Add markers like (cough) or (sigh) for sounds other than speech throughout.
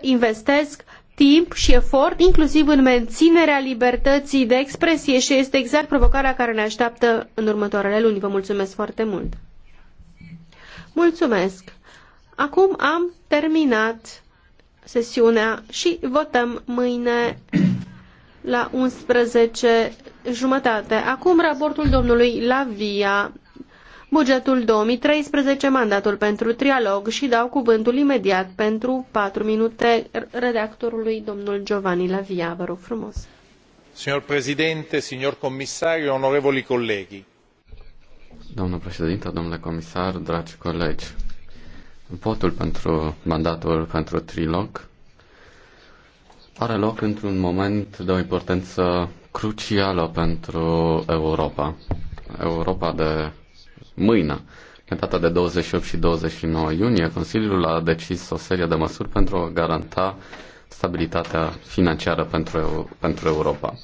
investesc timp și efort, inclusiv în menținerea libertății de expresie și este exact provocarea care ne așteaptă în următoarele luni. Vă mulțumesc foarte mult! Mulțumesc! Acum am terminat sesiunea și votăm mâine la 11 jumătate. Acum raportul domnului Lavia bugetul 2013, mandatul pentru trialog și dau cuvântul imediat pentru 4 minute redactorului domnul Giovanni Lavia. Vă rog frumos. Signor Presidente, signor Commissario, onorevoli colleghi. Domnul președinte, domnule comisar, dragi colegi, votul pentru mandatul pentru trilog are loc într-un moment de o importanță crucială pentru Europa. Europa de mâine. În data de 28 și 29 iunie, Consiliul a decis o serie de măsuri pentru a garanta stabilitatea financiară pentru, pentru Europa.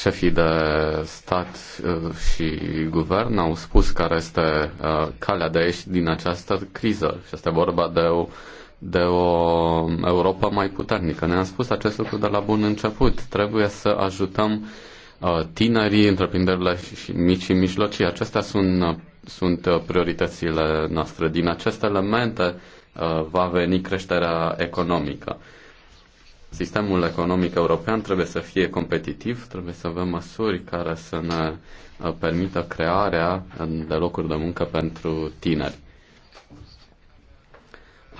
Șefii de stat uh, și guvern au spus care este uh, calea de ieși din această criză și este vorba de o, de o Europa mai puternică. Ne-am spus acest lucru de la bun început. Trebuie să ajutăm uh, Uh, tinerii, întreprinderile mici și mijlocii. Acestea sunt, uh, sunt uh, prioritățile noastre. Din aceste elemente va veni creșterea economică. Sistemul economic european trebuie să fie competitiv, trebuie să avem măsuri care să ne permită crearea de locuri de muncă pentru tineri.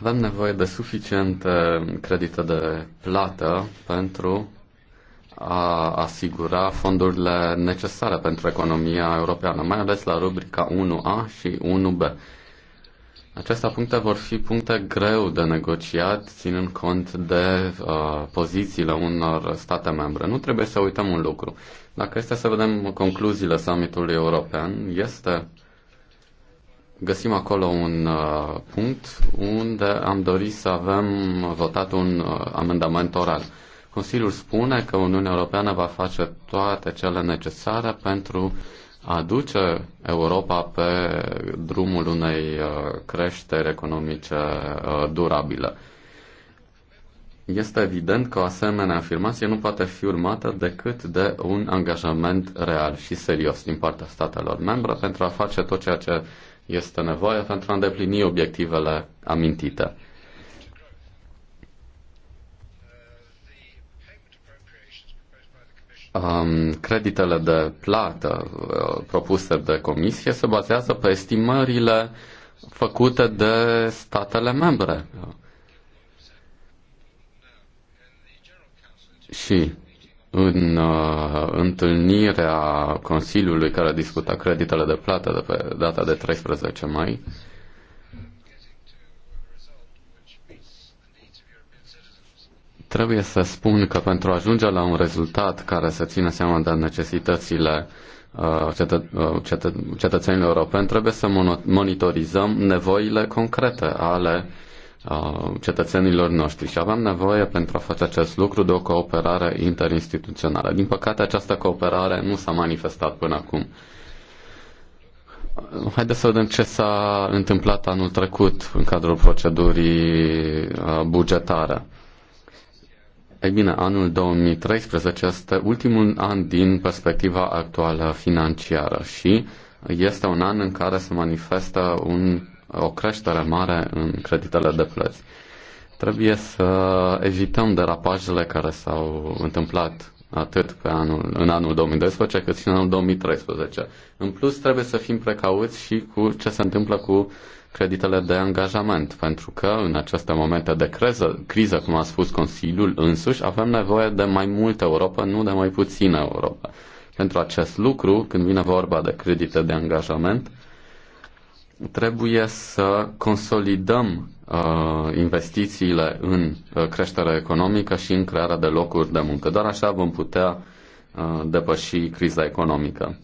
Avem nevoie de suficiente credite de plată pentru a asigura fondurile necesare pentru economia europeană, mai ales la rubrica 1A și 1B. Aceste puncte vor fi puncte greu de negociat, ținând cont de uh, pozițiile unor state membre. Nu trebuie să uităm un lucru. Dacă este să vedem concluziile summitului european, este găsim acolo un uh, punct unde am dorit să avem votat un uh, amendament oral. Uh, Consiliul spune că Uniunea Europeană va face toate cele necesare pentru a duce Europa pe drumul unei uh, creșteri economice uh, durabile. Este evident că o asemenea afirmație nu poate fi urmată decât de un angajament real și serios din partea statelor membre pentru a face tot ceea ce este nevoie pentru a îndeplini obiectivele amintite. um, creditele de plată uh, propuse de comisie se bazează pe estimările făcute de statele membre. Și în uh, întâlnirea Consiliului care discută creditele de plată de pe data de 13 mai, uh, Trebuie să spun că pentru a ajunge la un rezultat care să țină seama de necesitățile uh, uh, cetățenilor europeni, trebuie să monitorizăm nevoile concrete ale uh, cetățenilor noștri și avem nevoie pentru a face acest lucru de o cooperare interinstituțională. Din păcate, această cooperare nu s-a manifestat până acum. Haideți să vedem ce s-a întâmplat anul trecut în cadrul procedurii bugetare. Ei bine, anul 2013 este ultimul an din perspectiva actuală financiară și este un an în care se manifestă un, o creștere mare în creditele de plăți. Trebuie să evităm derapajele care s-au întâmplat atât pe anul, în anul 2012 cât și în anul 2013. În plus, trebuie să fim precauți și cu ce se întâmplă cu creditele de angajament, pentru că în aceste momente de creză, criză, cum a spus Consiliul însuși, avem nevoie de mai multă Europa, nu de mai puțină Europa. Pentru acest lucru, când vine vorba de credite de angajament, trebuie să consolidăm uh, investițiile în uh, creșterea economică și în crearea de locuri de muncă. Doar așa vom putea uh, depăși criza economică.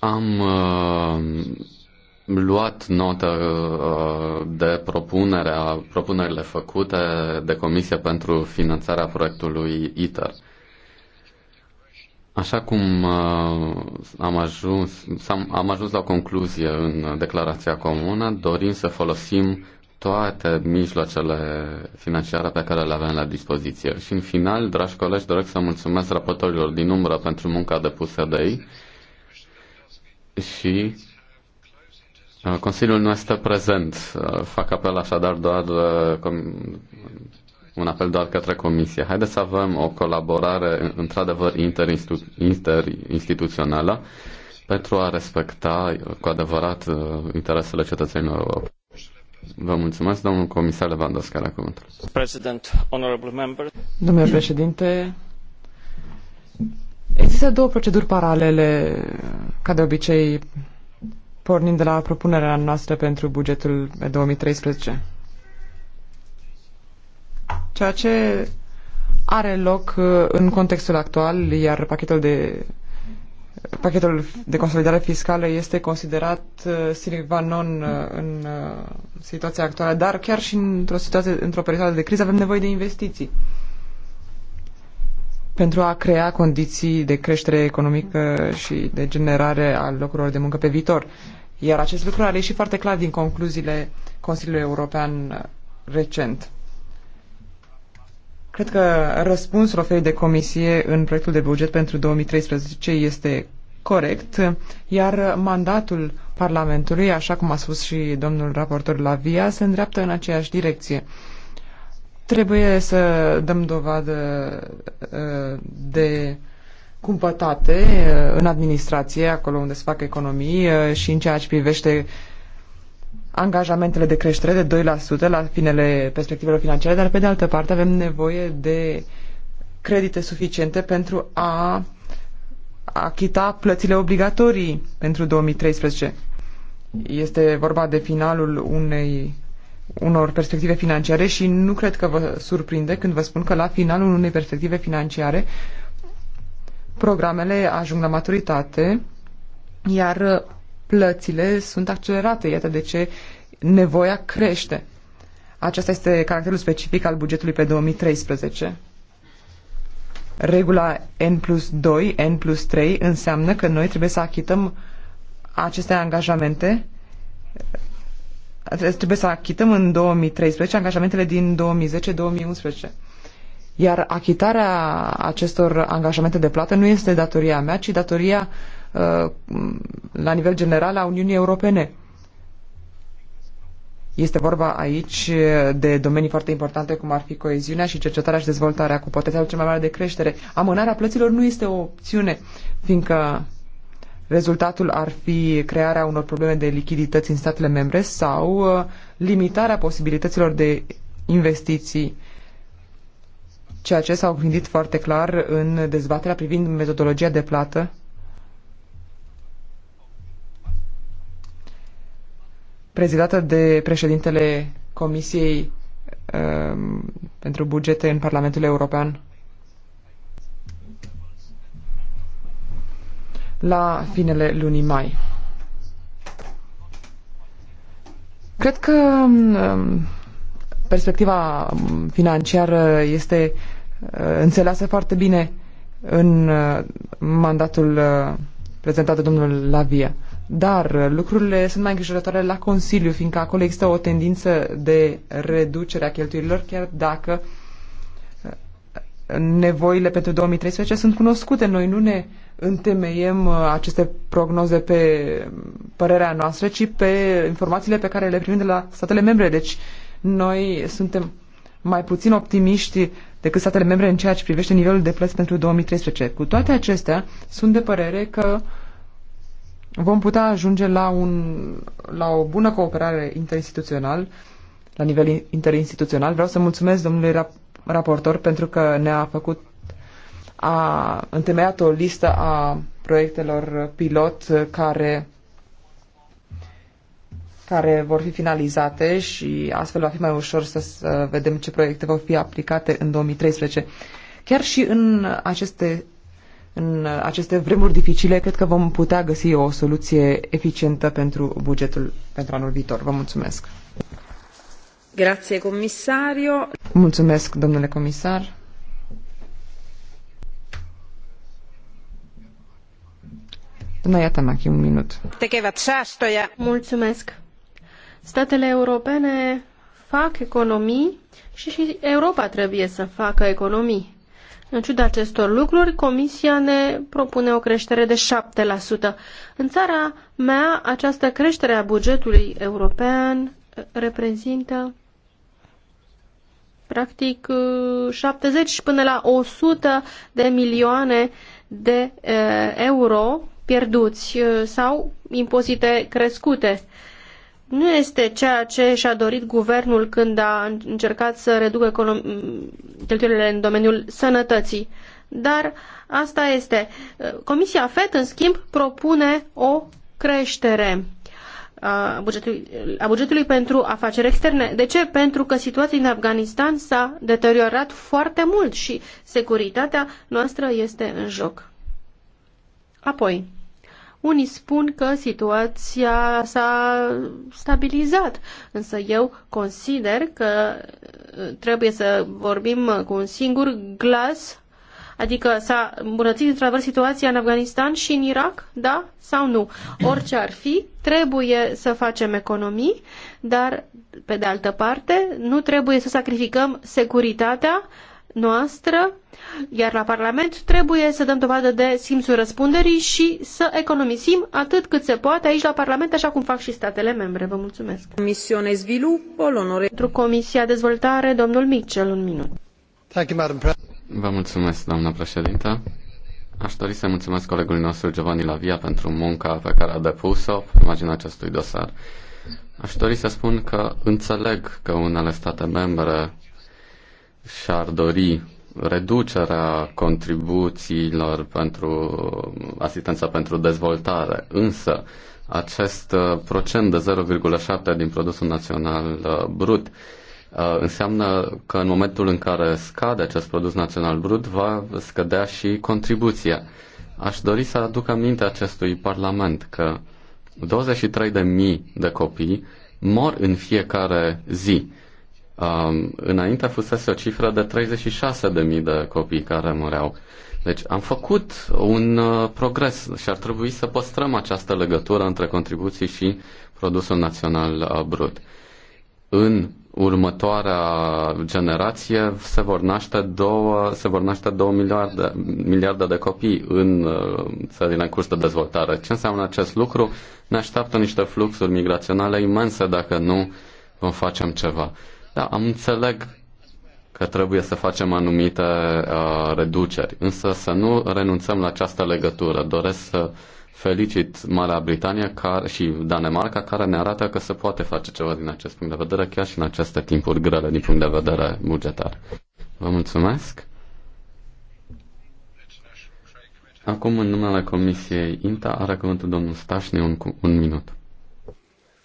Am uh, luat notă uh, de propunerea, propunerile făcute de Comisie pentru finanțarea proiectului ITER. Așa cum uh, am, ajuns, am, am ajuns la o concluzie în declarația comună, dorim să folosim toate mijloacele financiare pe care le avem la dispoziție. Și în final, dragi colegi, doresc să mulțumesc raportorilor din umbră pentru munca depusă de ei și uh, Consiliul nu este prezent. Uh, fac apel așadar doar uh, un apel doar către Comisie. Haideți să avem o colaborare într-adevăr interinstituțională pentru a respecta cu adevărat interesele cetățenilor europeni. Vă mulțumesc, domnul comisar Lewandowski, la cuvânt. Domnule președinte, Există două proceduri paralele, ca de obicei, pornind de la propunerea noastră pentru bugetul 2013. Ceea ce are loc uh, în contextul actual, iar pachetul de pachetul de consolidare fiscală este considerat uh, sine non uh, în situația actuală, dar chiar și într-o situație, într-o perioadă de criză avem nevoie de investiții pentru a crea condiții de creștere economică și de generare a locurilor de muncă pe viitor. Iar acest lucru a ieșit foarte clar din concluziile Consiliului European recent. Cred că răspunsul oferit de comisie în proiectul de buget pentru 2013 este corect, iar mandatul Parlamentului, așa cum a spus și domnul raportor Lavia, se îndreaptă în aceeași direcție. Trebuie să dăm dovadă uh, de cumpătate uh, în administrație, acolo unde se fac economii uh, și în ceea ce privește angajamentele de creștere de 2% la finele perspectivelor financiare, dar pe de altă parte avem nevoie de credite suficiente pentru a achita plățile obligatorii pentru 2013. Este vorba de finalul unei unor perspective financiare și nu cred că vă surprinde când vă spun că la finalul unei perspective financiare programele ajung la maturitate, iar plățile sunt accelerate. Iată de ce nevoia crește. Aceasta este caracterul specific al bugetului pe 2013. Regula N plus 2, N plus 3 înseamnă că noi trebuie să achităm aceste angajamente trebuie să achităm în 2013 angajamentele din 2010-2011. Iar achitarea acestor angajamente de plată nu este datoria mea, ci datoria uh, la nivel general a Uniunii Europene. Este vorba aici de domenii foarte importante, cum ar fi coeziunea și cercetarea și dezvoltarea, cu potențialul cel mai mare de creștere. Amânarea plăților nu este o opțiune, fiindcă Rezultatul ar fi crearea unor probleme de lichidități în statele membre sau uh, limitarea posibilităților de investiții, ceea ce s-au gândit foarte clar în dezbaterea privind metodologia de plată prezidată de președintele Comisiei uh, pentru Bugete în Parlamentul European. la finele lunii mai. Cred că mm, mm, perspectiva financiară este uh, înțeleasă foarte bine în uh, mandatul uh, prezentat de domnul Lavia. Dar lucrurile sunt mai îngrijorătoare la Consiliu, fiindcă acolo există o tendință de reducere a cheltuielilor, chiar dacă nevoile pentru 2013 sunt cunoscute. Noi nu ne întemeiem uh, aceste prognoze pe părerea noastră, ci pe informațiile pe care le primim de la statele membre. Deci noi suntem mai puțin optimiști decât statele membre în ceea ce privește nivelul de plăți pentru 2013. Cu toate acestea, sunt de părere că vom putea ajunge la, un, la o bună cooperare interinstituțională, la nivel interinstituțional. Vreau să mulțumesc domnului raportor pentru că ne-a făcut a întemeiat o listă a proiectelor pilot care care vor fi finalizate și astfel va fi mai ușor să, să vedem ce proiecte vor fi aplicate în 2013. Chiar și în aceste, în aceste vremuri dificile, cred că vom putea găsi o soluție eficientă pentru bugetul pentru anul viitor. Vă mulțumesc! Grazie, comisario! Mulțumesc, domnule comisar! Doamna Iatamachi, Mulțumesc. Statele europene fac economii și și Europa trebuie să facă economii. În ciuda acestor lucruri, Comisia ne propune o creștere de 7%. În țara mea, această creștere a bugetului european eh, reprezintă practic 70 eh, până la 100 de milioane de eh, euro pierduți uh, sau impozite crescute. Nu este ceea ce și-a dorit guvernul când a încercat să reducă cheltuielile în domeniul sănătății. Dar asta este. Uh, Comisia FED, în schimb, propune o creștere a bugetului, a bugetului pentru afaceri externe. De ce? Pentru că situația din Afganistan s-a deteriorat foarte mult și securitatea noastră este în joc. Apoi, unii spun că situația s-a stabilizat, însă eu consider că uh, trebuie să vorbim cu un singur glas, adică s-a îmbunătățit într-adevăr situația în Afganistan și în Irak, da sau nu. Orice ar fi, trebuie să facem economii, dar pe de altă parte nu trebuie să sacrificăm securitatea noastră, iar la Parlament trebuie să dăm dovadă de simțul răspunderii și să economisim atât cât se poate aici la Parlament, așa cum fac și statele membre. Vă mulțumesc. Pentru Comisia Dezvoltare, domnul Mitchell, un minut. Thank you, Madam Vă mulțumesc, doamna președintă. Aș dori să mulțumesc colegului nostru Giovanni Lavia pentru munca pe care a depus-o pe marginea acestui dosar. Aș dori să spun că înțeleg că unele state membre și-ar dori reducerea contribuțiilor pentru asistența pentru dezvoltare, însă acest uh, procent de 0,7 din produsul național uh, brut uh, înseamnă că în momentul în care scade acest produs național brut va scădea și contribuția. Aș dori să aduc aminte acestui parlament că 23.000 de copii mor în fiecare zi Um, înainte fusese o cifră de 36.000 de copii care mureau. Deci am făcut un uh, progres și ar trebui să păstrăm această legătură între contribuții și produsul național uh, brut. În următoarea generație se vor naște două, se vor naște două miliarde, miliarde de copii în uh, țările în curs de dezvoltare. Ce înseamnă acest lucru? Ne așteaptă niște fluxuri migraționale imense dacă nu vom facem ceva. Da, am înțeleg că trebuie să facem anumite uh, reduceri, însă să nu renunțăm la această legătură. Doresc să felicit Marea Britanie care, și Danemarca care ne arată că se poate face ceva din acest punct de vedere, chiar și în aceste timpuri grele din punct de vedere bugetar. Vă mulțumesc! Acum, în numele Comisiei INTA, are cuvântul domnul Stașni un, un minut.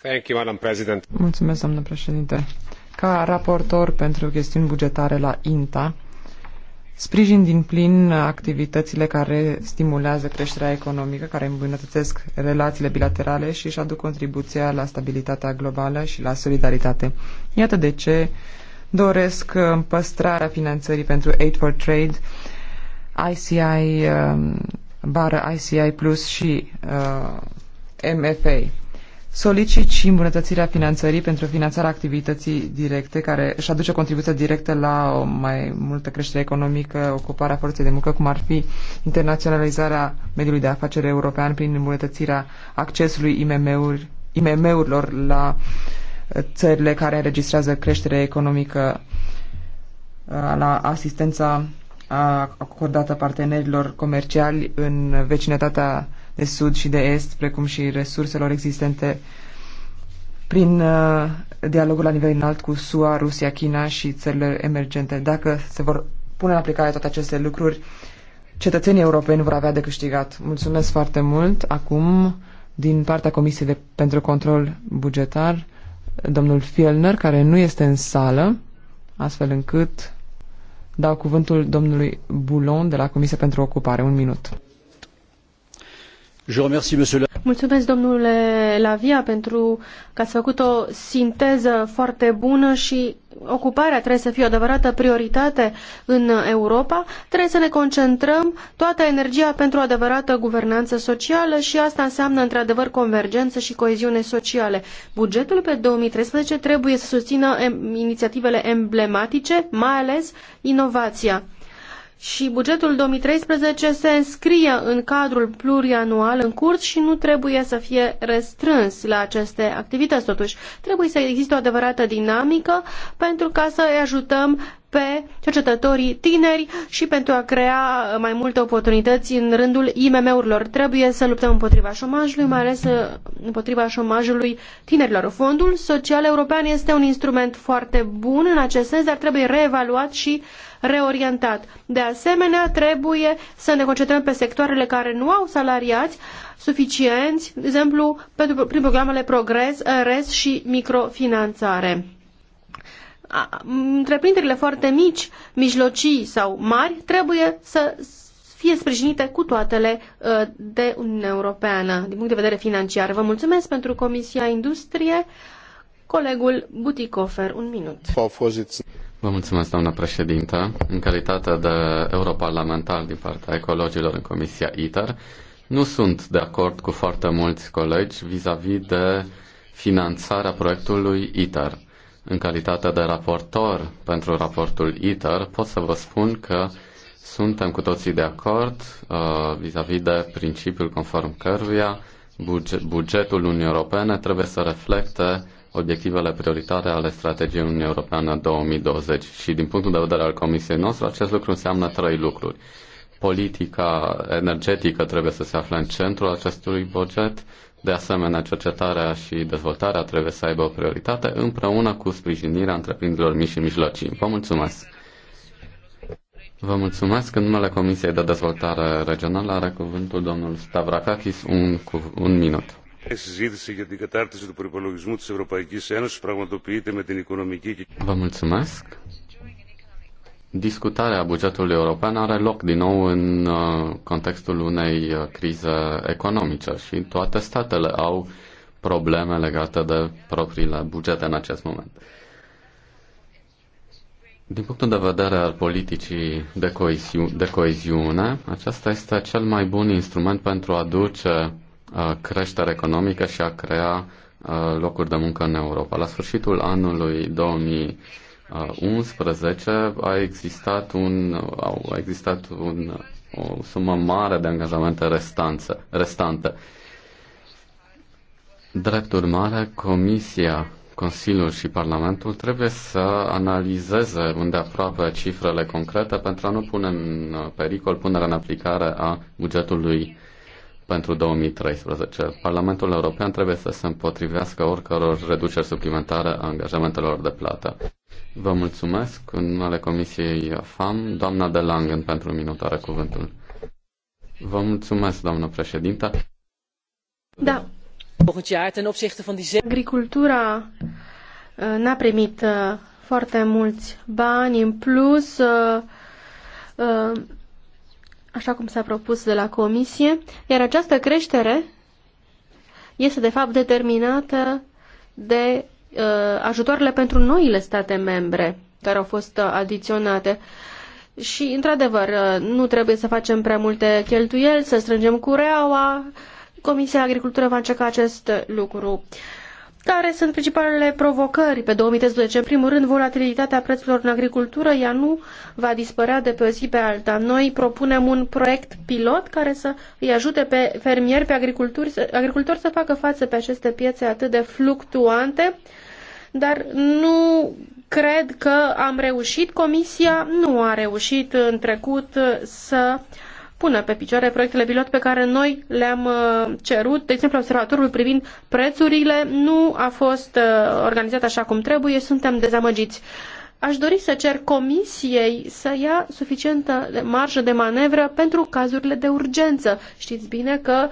Thank you, Madam President. Mulțumesc, doamnă președinte. Ca raportor pentru chestiuni bugetare la INTA, sprijin din plin activitățile care stimulează creșterea economică, care îmbunătățesc relațiile bilaterale și își aduc contribuția la stabilitatea globală și la solidaritate. Iată de ce doresc uh, păstrarea finanțării pentru Aid for Trade, ICI, um, bară ICI Plus și uh, MFA solicit și îmbunătățirea finanțării pentru finanțarea activității directe, care își aduce contribuția directă la o mai multă creștere economică, ocuparea forței de muncă, cum ar fi internaționalizarea mediului de afaceri european prin îmbunătățirea accesului IMM-urilor IMM la uh, țările care înregistrează creștere economică, uh, la asistența uh, acordată partenerilor comerciali în vecinătatea de sud și de est, precum și resurselor existente prin uh, dialogul la nivel înalt cu SUA, Rusia, China și țările emergente. Dacă se vor pune în aplicare toate aceste lucruri, cetățenii europeni vor avea de câștigat. Mulțumesc foarte mult. Acum, din partea Comisiei de, pentru Control Bugetar, domnul Fielner, care nu este în sală, astfel încât dau cuvântul domnului Boulon de la Comisia pentru Ocupare. Un minut. Mulțumesc, domnule Lavia, pentru că ați făcut o sinteză foarte bună și ocuparea trebuie să fie o adevărată prioritate în Europa. Trebuie să ne concentrăm toată energia pentru o adevărată guvernanță socială și asta înseamnă într-adevăr convergență și coeziune sociale. Bugetul pe 2013 trebuie să susțină inițiativele emblematice, mai ales inovația și bugetul 2013 se înscrie în cadrul plurianual în curs și nu trebuie să fie restrâns la aceste activități totuși. Trebuie să existe o adevărată dinamică pentru ca să îi ajutăm pe cercetătorii tineri și pentru a crea mai multe oportunități în rândul IMM-urilor. Trebuie să luptăm împotriva șomajului, mai ales uh, împotriva șomajului tinerilor. Fondul Social European este un instrument foarte bun în acest sens, dar trebuie reevaluat și reorientat. De asemenea, trebuie să ne concentrăm pe sectoarele care nu au salariați suficienți, de exemplu, pentru, prin programele Progres, RES și microfinanțare întreprinderile foarte mici, mijlocii sau mari trebuie să fie sprijinite cu toatele ă, de Uniunea Europeană din punct de vedere financiar. Vă mulțumesc pentru Comisia Industrie. Colegul Buticofer, un minut. Vă mulțumesc, doamnă președintă. În calitate de europarlamentar din partea ecologilor în Comisia ITER, nu sunt de acord cu foarte mulți colegi vis-a-vis -vis de finanțarea proiectului ITER. În calitate de raportor pentru raportul ITER, pot să vă spun că suntem cu toții de acord uh, vis-a-vis uh, -vis de principiul conform căruia bugetul Uniunii Europene trebuie să reflecte obiectivele prioritare ale strategiei Uniunii Europeană 2020 și din punctul de vedere al Comisiei noastre acest lucru înseamnă trei lucruri. Politica energetică trebuie să se afle în centrul acestui buget, de asemenea cercetarea și dezvoltarea trebuie să aibă o prioritate împreună cu sprijinirea întreprinderilor mici și mijlocii. Vă mulțumesc! Vă mulțumesc. În numele Comisiei de Dezvoltare Regională are cuvântul domnul Stavrakakis, un, un minut η συζήτηση για την κατάρτιση του προπολογισμού της Ευρωπαϊκής Ένωσης πραγματοποιείται με την οικονομική... και... Vă mulțumesc. Discutarea bugetului european are loc din nou în uh, contextul unei uh, crize economice și toate statele au probleme legate de propriile bugete în acest moment. Din punctul de vedere al politicii de, coeziu- de coeziune, acesta este cel mai bun instrument pentru a duce creștere economică și a crea locuri de muncă în Europa. La sfârșitul anului 2011 a existat, un, a existat un, o sumă mare de angajamente restanță, restante. Drept urmare, Comisia, Consiliul și Parlamentul trebuie să analizeze aproape cifrele concrete pentru a nu pune în pericol punerea în aplicare a bugetului pentru 2013. Parlamentul European trebuie să se împotrivească oricăror reduceri suplimentare a angajamentelor de plată. Vă mulțumesc. În numele Comisiei FAM, doamna de Langen, pentru minutare cuvântul. Vă mulțumesc, doamnă președintă. Da. Agricultura uh, n-a primit uh, foarte mulți bani în plus uh, așa cum s-a propus de la Comisie, iar această creștere este de fapt determinată de uh, ajutoarele pentru noile state membre care au fost uh, adiționate. Și, într-adevăr, uh, nu trebuie să facem prea multe cheltuieli, să strângem cureaua. Comisia Agricultură va încerca acest lucru. Uh, care sunt principalele provocări pe 2013? În primul rând, volatilitatea prețurilor în agricultură, ea nu va dispărea de pe o zi pe alta. Noi propunem un proiect pilot care să îi ajute pe fermieri, pe agricultori, agricultori să facă față pe aceste piețe atât de fluctuante, dar nu cred că am reușit. Comisia nu a reușit în trecut să pună pe picioare proiectele pilot pe care noi le-am uh, cerut. De exemplu, observatorul privind prețurile nu a fost uh, organizat așa cum trebuie, suntem dezamăgiți. Aș dori să cer comisiei să ia suficientă marjă de manevră pentru cazurile de urgență. Știți bine că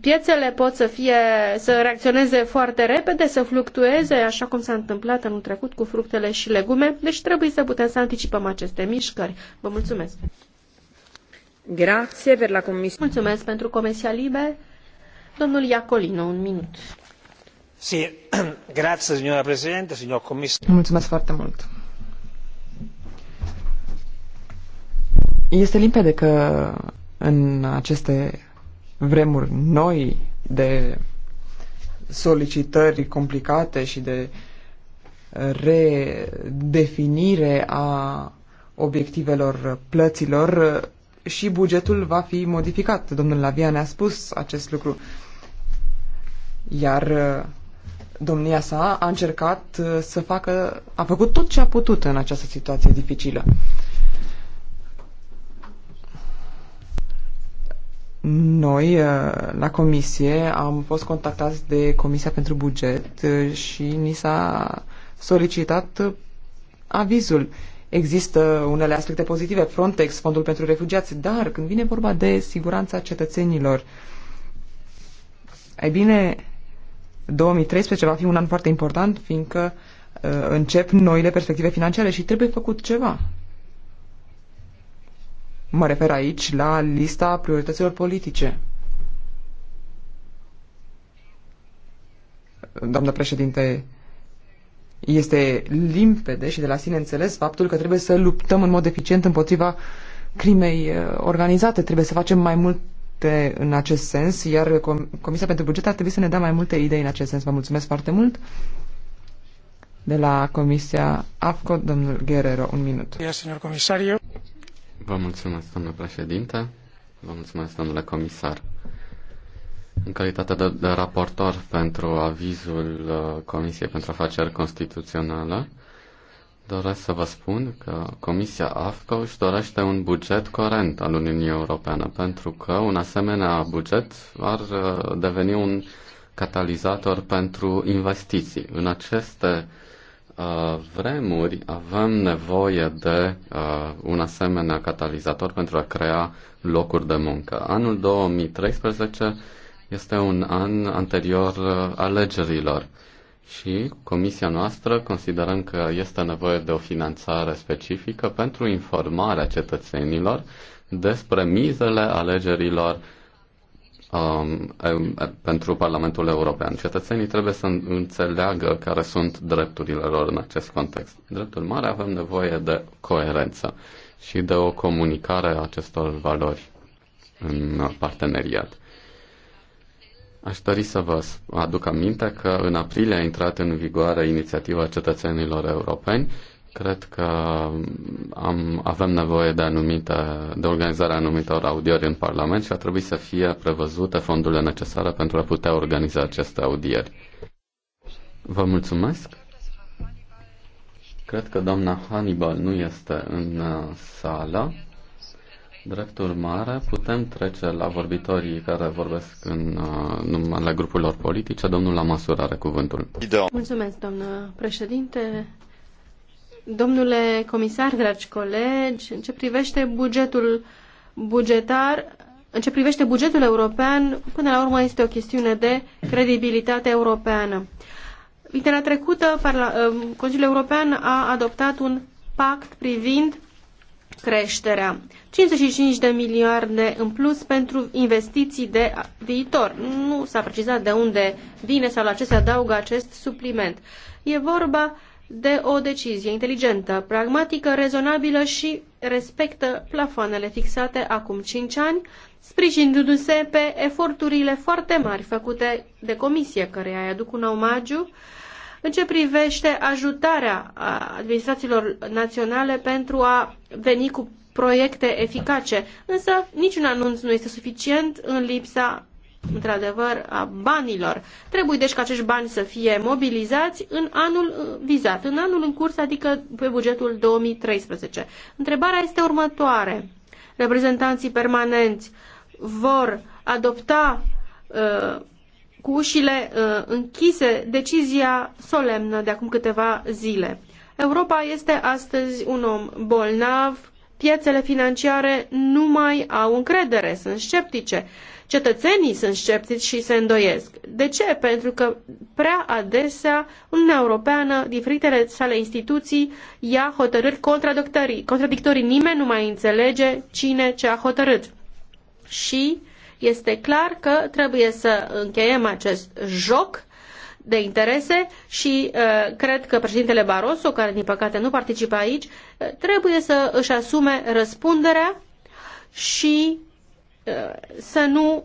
piețele pot să, fie, să reacționeze foarte repede, să fluctueze, așa cum s-a întâmplat anul trecut cu fructele și legume, deci trebuie să putem să anticipăm aceste mișcări. Vă mulțumesc! Grazie per la comisie. Mulțumesc pentru Comisia Libe. Domnul Iacolino, un minut. Si, (clears throat) grazie signora Presidente, signor Comisario. Mulțumesc foarte mult. Este limpede că în aceste vremuri noi de solicitări complicate și de redefinire a obiectivelor plăților, și bugetul va fi modificat. Domnul Lavia ne-a spus acest lucru. Iar uh, domnia sa a încercat uh, să facă, a făcut tot ce a putut în această situație dificilă. Noi, uh, la comisie, am fost contactați de Comisia pentru Buget și ni s-a solicitat avizul. Există unele aspecte pozitive, Frontex, Fondul pentru Refugiați, dar când vine vorba de siguranța cetățenilor, ei bine, 2013 va fi un an foarte important, fiindcă uh, încep noile perspective financiare și trebuie făcut ceva. Mă refer aici la lista priorităților politice. Doamnă președinte, uh, este limpede și de la sine înțeles faptul că trebuie să luptăm în mod eficient împotriva crimei uh, organizate. Trebuie să facem mai multe în acest sens, iar Comisia pentru Buget ar trebui să ne dea mai multe idei în acest sens. Vă mulțumesc foarte mult. De la Comisia AFCO, domnul Guerrero, un minut. Vă mulțumesc, domnule președinte. Vă mulțumesc, domnule comisar. În calitate de, de raportor pentru avizul uh, Comisiei pentru Afaceri Constituționale, doresc să vă spun că Comisia AFCO își dorește un buget corent al Uniunii Europene, pentru că un asemenea buget ar uh, deveni un catalizator pentru investiții. În aceste uh, vremuri avem nevoie de uh, un asemenea catalizator pentru a crea locuri de muncă. Anul 2013 este un an anterior alegerilor și comisia noastră considerăm că este nevoie de o finanțare specifică pentru informarea cetățenilor despre mizele alegerilor um, pentru Parlamentul European. Cetățenii trebuie să înțeleagă care sunt drepturile lor în acest context. Dreptul mare avem nevoie de coerență și de o comunicare a acestor valori în parteneriat. Aș dori să vă aduc aminte că în aprilie a intrat în vigoare inițiativa cetățenilor europeni. Cred că am, avem nevoie de, anumite, de organizarea anumitor audieri în Parlament și a trebuit să fie prevăzute fondurile necesare pentru a putea organiza aceste audieri. Vă mulțumesc. Cred că doamna Hannibal nu este în uh, sală. Drept urmare, putem trece la vorbitorii care vorbesc în uh, numele grupurilor politice. Domnul măsură are cuvântul. Mulțumesc, domnul președinte. Domnule comisar, dragi colegi, în ce privește bugetul bugetar, în ce privește bugetul european, până la urmă este o chestiune de credibilitate europeană. Vinerea trecută, uh, Consiliul European a adoptat un pact privind creșterea. 55 de miliarde în plus pentru investiții de viitor. Nu s-a precizat de unde vine sau la ce se adaugă acest supliment. E vorba de o decizie inteligentă, pragmatică, rezonabilă și respectă plafoanele fixate acum 5 ani, sprijinindu-se pe eforturile foarte mari făcute de comisie, care a aduc un omagiu uh, în ce privește ajutarea administrațiilor naționale pentru a veni cu proiecte eficace, însă niciun anunț nu este suficient în lipsa într-adevăr, a banilor. Trebuie deci ca acești bani să fie mobilizați în anul uh, vizat, în anul în curs, adică pe bugetul 2013. Întrebarea este următoare. Reprezentanții permanenți vor adopta uh, cu ușile uh, închise decizia solemnă de acum câteva zile. Europa este astăzi un om bolnav, piețele financiare nu mai au încredere, sunt sceptice. Cetățenii sunt sceptici și se îndoiesc. De ce? Pentru că prea adesea Uniunea Europeană, diferitele sale instituții, ia hotărâri contradictorii. contradictorii. Nimeni nu mai înțelege cine ce a hotărât. Și este clar că trebuie să încheiem acest joc de interese și uh, cred că președintele Barroso, care din păcate nu participă aici, uh, trebuie să își asume răspunderea și uh, să nu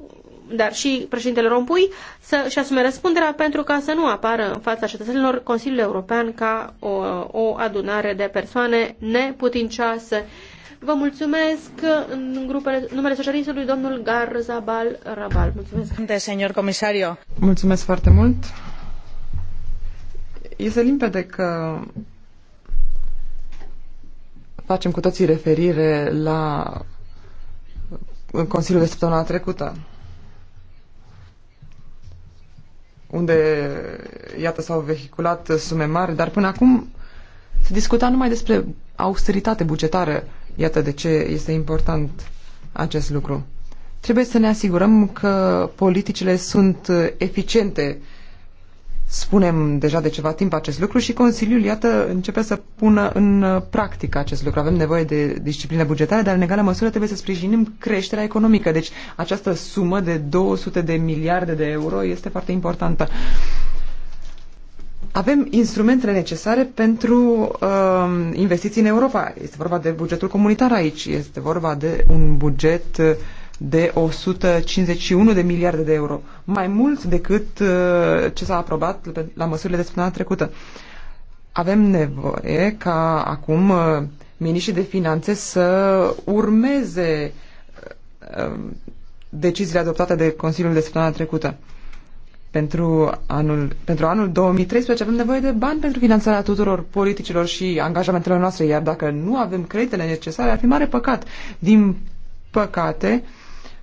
dar și președintele Rompui să își asume răspunderea pentru ca să nu apară în fața cetățenilor Consiliul European ca o, o adunare de persoane neputincioase Vă mulțumesc în grupele, numele socialistului domnul Garzabal Rabal. Mulțumesc. senior comisario. Mulțumesc foarte mult. Este limpede că facem cu toții referire la Consiliul de săptămâna trecută, unde, iată, s-au vehiculat sume mari, dar până acum se discuta numai despre austeritate bugetară Iată de ce este important acest lucru. Trebuie să ne asigurăm că politicile sunt eficiente. Spunem deja de ceva timp acest lucru și Consiliul, iată, începe să pună în practică acest lucru. Avem nevoie de disciplină bugetară, dar în egală măsură trebuie să sprijinim creșterea economică. Deci această sumă de 200 de miliarde de euro este foarte importantă. Avem instrumentele necesare pentru uh, investiții în Europa. Este vorba de bugetul comunitar aici. Este vorba de un buget de 151 de miliarde de euro, mai mult decât uh, ce s-a aprobat la măsurile de săptămâna trecută. Avem nevoie ca acum uh, miniștrii de finanțe să urmeze uh, um, deciziile adoptate de Consiliul de săptămâna trecută. Pentru anul, pentru anul 2013 avem nevoie de bani pentru finanțarea tuturor politicilor și angajamentelor noastre, iar dacă nu avem creditele necesare, ar fi mare păcat. Din păcate,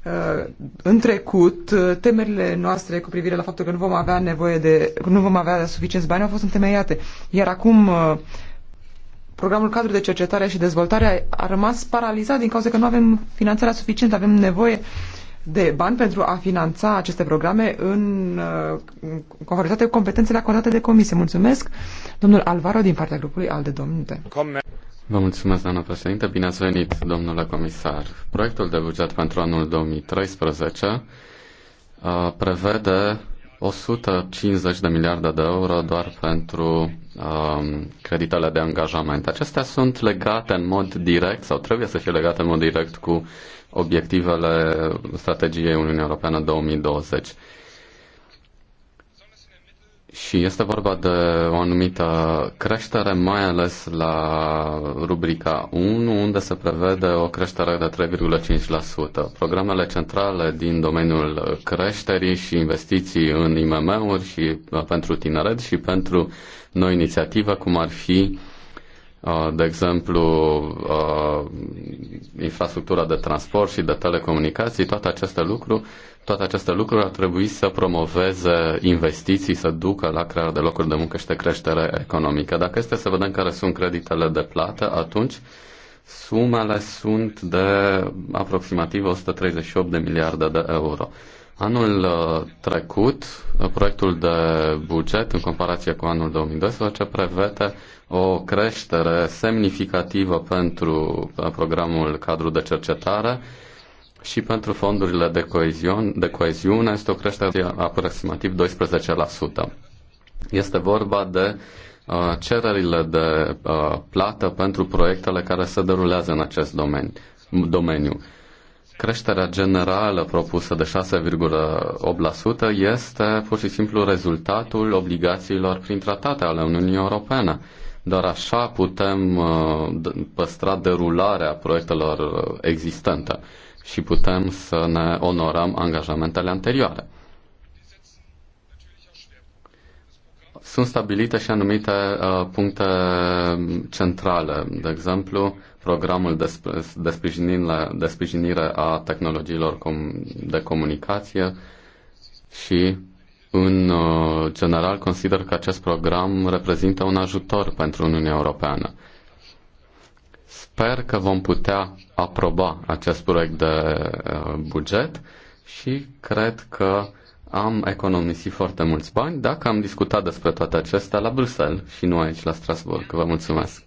uh, în trecut, uh, temerile noastre cu privire la faptul că nu vom avea nevoie de, nu vom avea suficienți bani au fost întemeiate. Iar acum uh, programul cadru de cercetare și dezvoltare a rămas paralizat din cauza că nu avem finanțarea suficientă, avem nevoie uh, de bani pentru a finanța aceste programe în uh, conformitate cu competențele acordate de comisie. Mulțumesc, domnul Alvaro, din partea grupului al de domnule. Vă mulțumesc, doamnă președinte. Bine ați venit, domnule comisar. Proiectul de buget pentru anul 2013 uh, prevede 150 de miliarde de euro doar pentru um, creditele de angajament. Acestea sunt legate în mod direct sau trebuie să fie legate în mod direct cu obiectivele strategiei Uniunii Europeană 2020. Și este vorba de o anumită creștere, mai ales la rubrica 1, unde se prevede o creștere de 3,5%. Programele centrale din domeniul creșterii și investiții în IMM-uri și uh, pentru tineret și pentru noi inițiative, cum ar fi Uh, de exemplu, uh, infrastructura de transport și de telecomunicații, toate aceste lucruri, toate aceste lucruri ar trebui să promoveze investiții, să ducă la crearea de locuri de muncă și de creștere economică. Dacă este să vedem care sunt creditele de plată, atunci sumele sunt de aproximativ 138 de miliarde de euro. Anul uh, trecut, proiectul de buget, în comparație cu anul 2012, prevede o creștere semnificativă pentru programul cadru de cercetare și pentru fondurile de coeziune, de coeziune este o creștere de aproximativ 12%. Este vorba de uh, cererile de uh, plată pentru proiectele care se derulează în acest domeniu. domeniu. Creșterea generală propusă de 6,8% este pur și simplu rezultatul obligațiilor prin tratate ale Uniunii Europene. Uh, doar așa putem uh, păstra derularea proiectelor uh, existente și putem să ne onorăm angajamentele anterioare. Sunt stabilite și anumite uh, puncte centrale, de exemplu, programul de, sp- de, de sprijinire a tehnologiilor com- de comunicație și în uh, general, consider că acest program reprezintă un ajutor pentru Uniunea Europeană. Sper că vom putea aproba acest proiect de uh, buget și cred că am economisit foarte mulți bani dacă am discutat despre toate acestea la Bruxelles și nu aici la Strasbourg. Vă mulțumesc!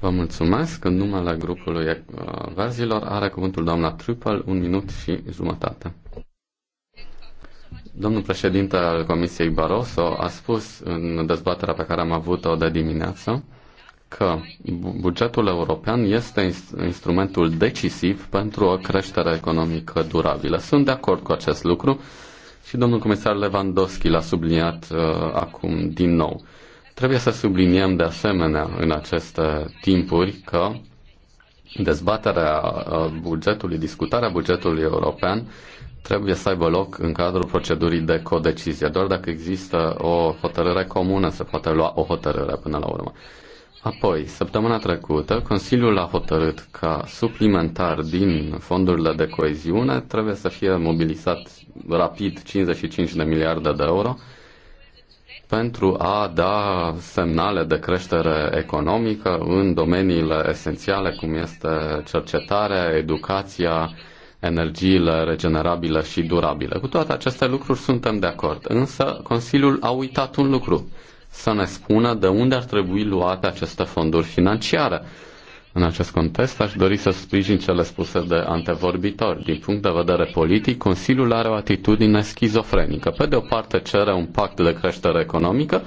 Vă mulțumesc. În numele grupului uh, verzilor are cuvântul doamna Trupel, un minut și jumătate. Domnul președinte al Comisiei Barroso a spus în dezbaterea pe care am avut-o de dimineață că bugetul european este instrumentul decisiv pentru o creștere economică durabilă. Sunt de acord cu acest lucru și domnul comisar Lewandowski l-a subliniat uh, acum din nou. Trebuie să subliniem de asemenea în aceste timpuri că dezbaterea uh, bugetului, discutarea bugetului european trebuie să aibă loc în cadrul procedurii de codecizie. Doar dacă există o hotărâre comună se poate lua o hotărâre până la urmă. Apoi, săptămâna trecută, Consiliul a hotărât ca suplimentar din fondurile de coeziune trebuie să fie mobilizat rapid 55 de miliarde de euro pentru a da semnale de creștere economică în domeniile esențiale cum este cercetarea, educația, energiile regenerabile și durabile. Cu toate aceste lucruri suntem de acord, însă Consiliul a uitat un lucru, să ne spună de unde ar trebui luate aceste fonduri financiare. În acest context, aș dori să sprijin cele spuse de antevorbitori. Din punct de vedere politic, Consiliul are o atitudine schizofrenică. Pe de o parte cere un pact de creștere economică,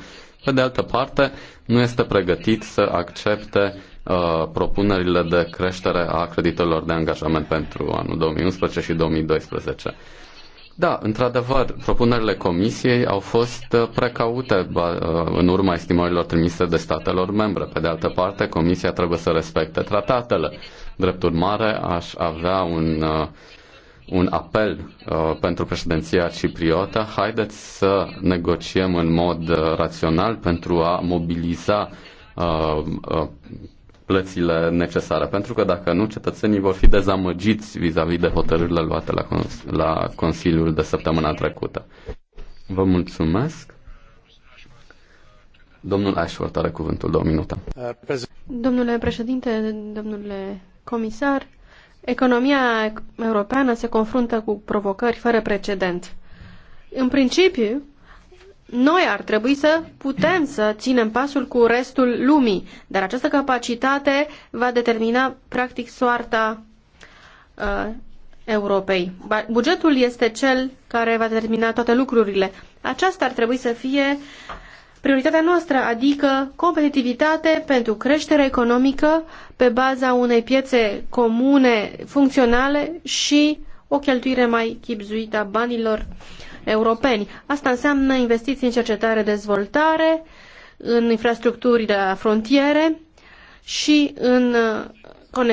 pe de altă parte nu este pregătit să accepte Uh, propunerile de creștere a creditelor de angajament pentru anul 2011 și 2012. Da, într-adevăr, propunerile Comisiei au fost uh, precaute uh, în urma estimărilor trimise de statelor membre. Pe de altă parte, Comisia trebuie să respecte tratatele. Drept urmare, aș avea un, un apel pentru președinția cipriotă. Haideți să negociem în mod rațional pentru a mobiliza plățile necesare, pentru că dacă nu, cetățenii vor fi dezamăgiți vis-a-vis -vis de hotărârile luate la, cons- la Consiliul de săptămâna trecută. Vă mulțumesc. Domnul Ashworth are cuvântul, două minute. Domnule președinte, domnule comisar, economia europeană se confruntă cu provocări fără precedent. În principiu, noi ar trebui să putem să ținem pasul cu restul lumii, dar această capacitate va determina practic soarta uh, Europei. Bugetul este cel care va determina toate lucrurile. Aceasta ar trebui să fie prioritatea noastră, adică competitivitate pentru creștere economică pe baza unei piețe comune, funcționale și o cheltuire mai chipzuită a banilor uh, europeni. Asta înseamnă investiții în cercetare, dezvoltare, în infrastructuri de frontiere și în uh,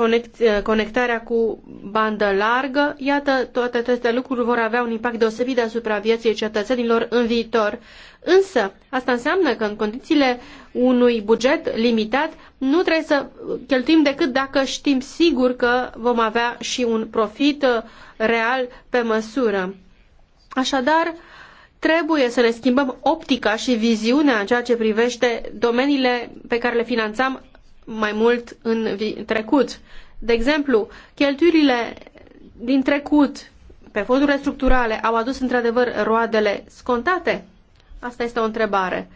uh, conectarea cu bandă largă. Iată, toate aceste lucruri vor avea un impact deosebit asupra vieții cetățenilor în viitor. Însă, asta înseamnă că în condițiile unui buget limitat nu trebuie să cheltuim decât dacă știm sigur că vom avea și un profit uh, real pe măsură. Așadar, trebuie să ne schimbăm optica și viziunea în ceea ce privește domeniile pe care le finanțam mai mult în trecut. De exemplu, cheltuielile din trecut pe fondurile structurale au adus într-adevăr roadele scontate? Asta este o întrebare.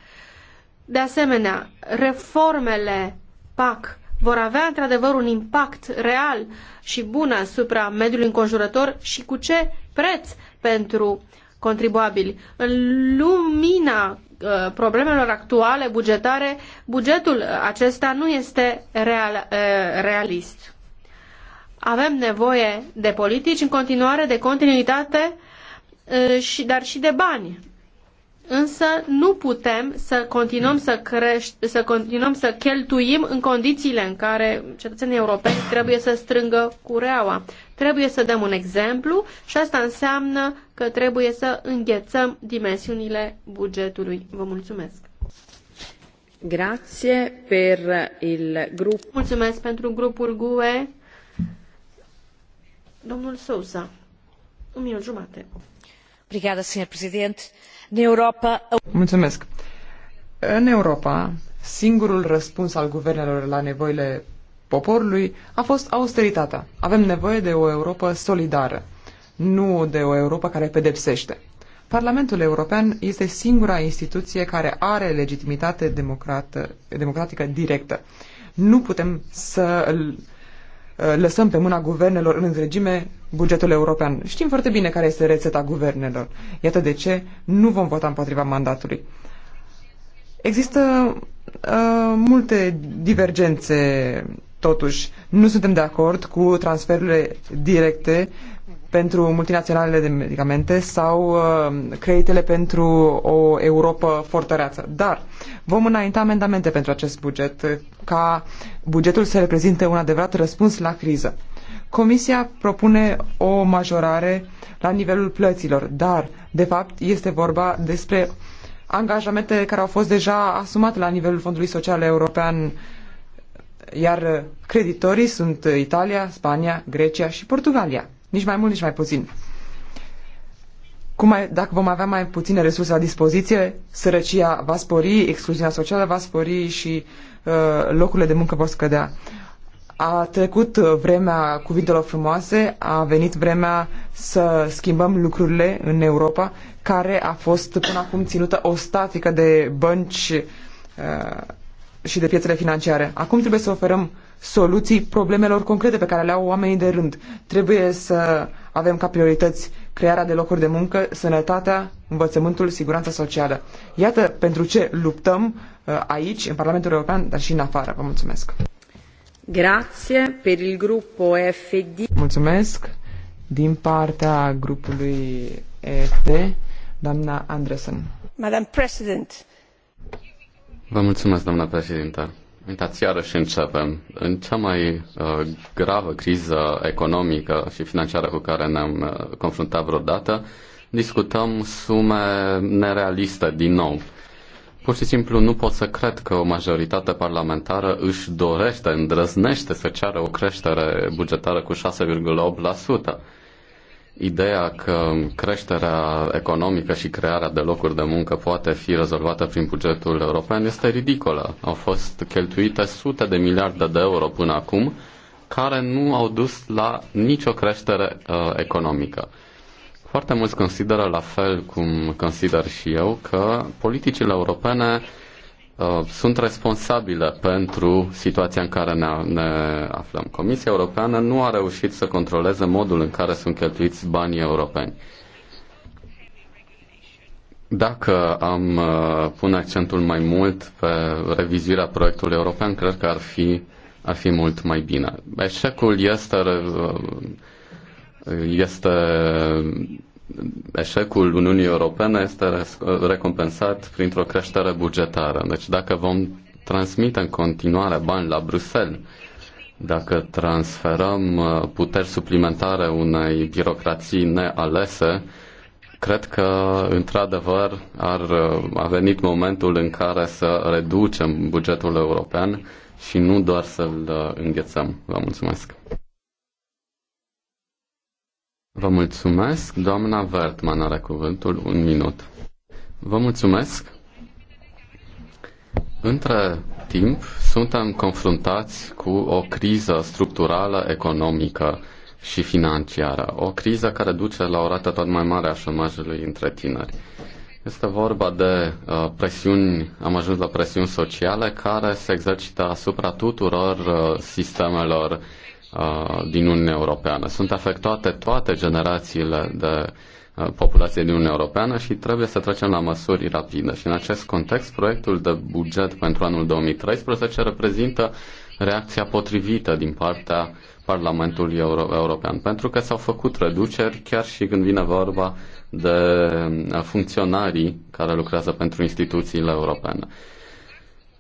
De asemenea, reformele PAC vor avea într-adevăr un impact real și bun asupra mediului înconjurător și cu ce preț? pentru contribuabili. În lumina uh, problemelor actuale bugetare, bugetul acesta nu este real, uh, realist. Avem nevoie de politici în continuare, de continuitate, uh, dar și de bani Însă nu putem să continuăm să, crește, să continuăm să cheltuim în condițiile în care cetățenii europeni trebuie să strângă cureaua. Trebuie să dăm un exemplu și asta înseamnă că trebuie să înghețăm dimensiunile bugetului. Vă mulțumesc! Grazie per il grup. Mulțumesc pentru grupul GUE. Domnul Sousa, un minut jumate. Mulțumesc. În Europa, singurul răspuns al guvernelor la nevoile poporului a fost austeritatea. Avem nevoie de o Europa solidară, nu de o Europa care pedepsește. Parlamentul European este singura instituție care are legitimitate democratică directă. Nu putem să îl Eh, lăsăm pe mâna guvernelor în întregime bugetul european. Știm foarte bine care este rețeta guvernelor. Iată de ce nu vom vota împotriva mandatului. Există uh, multe divergențe, totuși. Nu suntem de acord cu transferurile directe pentru multinaționalele de medicamente sau uh, creditele pentru o Europa fortăreață. Dar vom înainta amendamente pentru acest buget uh, ca bugetul să reprezinte un adevărat răspuns la criză. Comisia propune o majorare la nivelul plăților, dar, de fapt, este vorba despre angajamente care au fost deja asumate la nivelul Fondului Social European, iar creditorii sunt Italia, Spania, Grecia și Portugalia. Nici mai mult, nici mai puțin. Cum mai, dacă vom avea mai puține resurse la dispoziție, sărăcia va spori, excluziunea socială va spori și uh, locurile de muncă vor scădea. A trecut vremea cuvintelor frumoase, a venit vremea să schimbăm lucrurile în Europa, care a fost până acum ținută o statică de bănci uh, și de piețele financiare. Acum trebuie să oferăm uh, soluții problemelor concrete pe care le au oamenii de rând. Trebuie să avem ca priorități crearea de locuri de muncă, sănătatea, învățământul, siguranța socială. Iată pentru ce luptăm uh, aici, în Parlamentul European, dar și în afară. Vă mulțumesc! Grazie per il gruppo FD. Mulțumesc din partea grupului EFD, doamna Andresen. Madam President. Vă mulțumesc, doamna președintă. Uitați, iarăși începem. În cea mai uh, gravă criză economică și financiară cu care ne-am uh, confruntat vreodată, discutăm sume nerealiste din nou. Pur și simplu nu pot să cred că o majoritate parlamentară își dorește, îndrăznește să ceară o creștere bugetară cu 6,8% ideea că creșterea economică și crearea de locuri de muncă poate fi rezolvată prin bugetul european este ridicolă. Au fost cheltuite sute de miliarde de euro până acum, care nu au dus la nicio creștere uh, economică. Foarte mulți consideră, la fel cum consider și eu, că politicile europene uh, Uh, sunt responsabile pentru situația în care ne, ne aflăm. Comisia Europeană nu a reușit să controleze modul în care sunt cheltuiți banii europeni. Dacă am uh, pune accentul mai mult pe revizuirea proiectului european, cred că ar fi, ar fi mult mai bine. Eșecul este, uh, este eșecul Uniunii Europene este recompensat printr-o creștere bugetară. Deci dacă vom transmite în continuare bani la Bruxelles, dacă transferăm uh, puteri suplimentare unei birocrații nealese, cred că, într-adevăr, ar, uh, a venit momentul în care să reducem bugetul european și nu doar să-l uh, înghețăm. Vă mulțumesc! Vă mulțumesc. Doamna Vertman are cuvântul. Un minut. Vă mulțumesc. Între timp, suntem confruntați cu o criză structurală, economică și financiară. O criză care duce la o rată tot mai mare a șomajului între tineri. Este vorba de uh, presiuni, am ajuns la presiuni sociale care se exercită asupra tuturor uh, sistemelor Uh, din Uniunea Europeană. Sunt afectate toate generațiile de uh, populație din Uniunea Europeană și trebuie să trecem la măsuri rapide. Și în acest context, proiectul de buget pentru anul 2013 reprezintă reacția potrivită din partea Parlamentului Euro- European, pentru că s-au făcut reduceri chiar și când vine vorba de uh, funcționarii care lucrează pentru instituțiile europene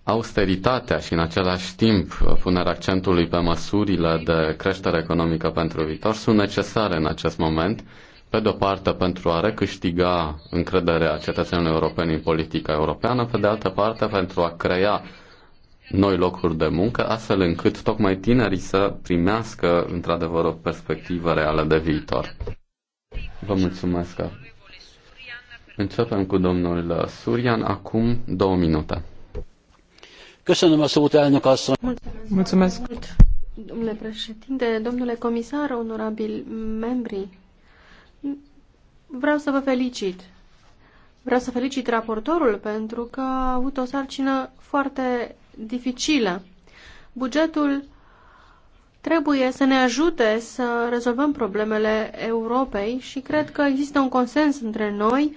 austeritatea și în același timp uh, punerea accentului pe măsurile de creștere economică pentru viitor sunt necesare în acest moment, pe de-o parte pentru a recâștiga încrederea cetățenilor europeni în politica europeană, pe de altă parte pentru a crea noi locuri de muncă, astfel încât tocmai tinerii să primească într-adevăr o perspectivă reală de viitor. Vă mulțumesc. Începem cu domnul Surian, acum două minute. Köszönöm a szót, elnök asszony. Mulțumesc. Mult, domnule președinte, domnule comisar, onorabil membri, vreau să vă felicit. Vreau să felicit raportorul pentru că a avut o sarcină foarte dificilă. Bugetul trebuie să ne ajute să rezolvăm problemele Europei și cred că există un consens între noi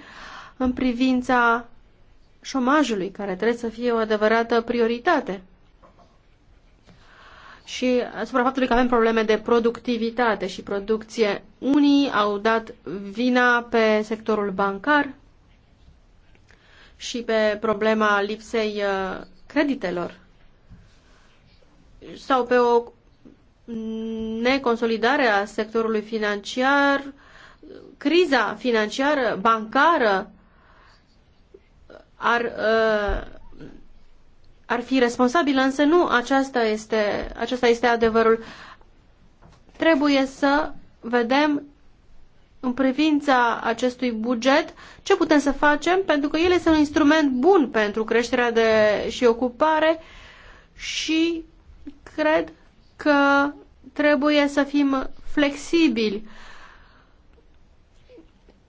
în privința șomajului, care trebuie să fie o adevărată prioritate și asupra faptului că avem probleme de productivitate și producție. Unii au dat vina pe sectorul bancar și pe problema lipsei uh, creditelor sau pe o neconsolidare a sectorului financiar, criza financiară, bancară, ar, uh, ar fi responsabilă, însă nu aceasta este, aceasta este adevărul. Trebuie să vedem în privința acestui buget ce putem să facem, pentru că el este un instrument bun pentru creșterea de, și ocupare și cred că trebuie să fim flexibili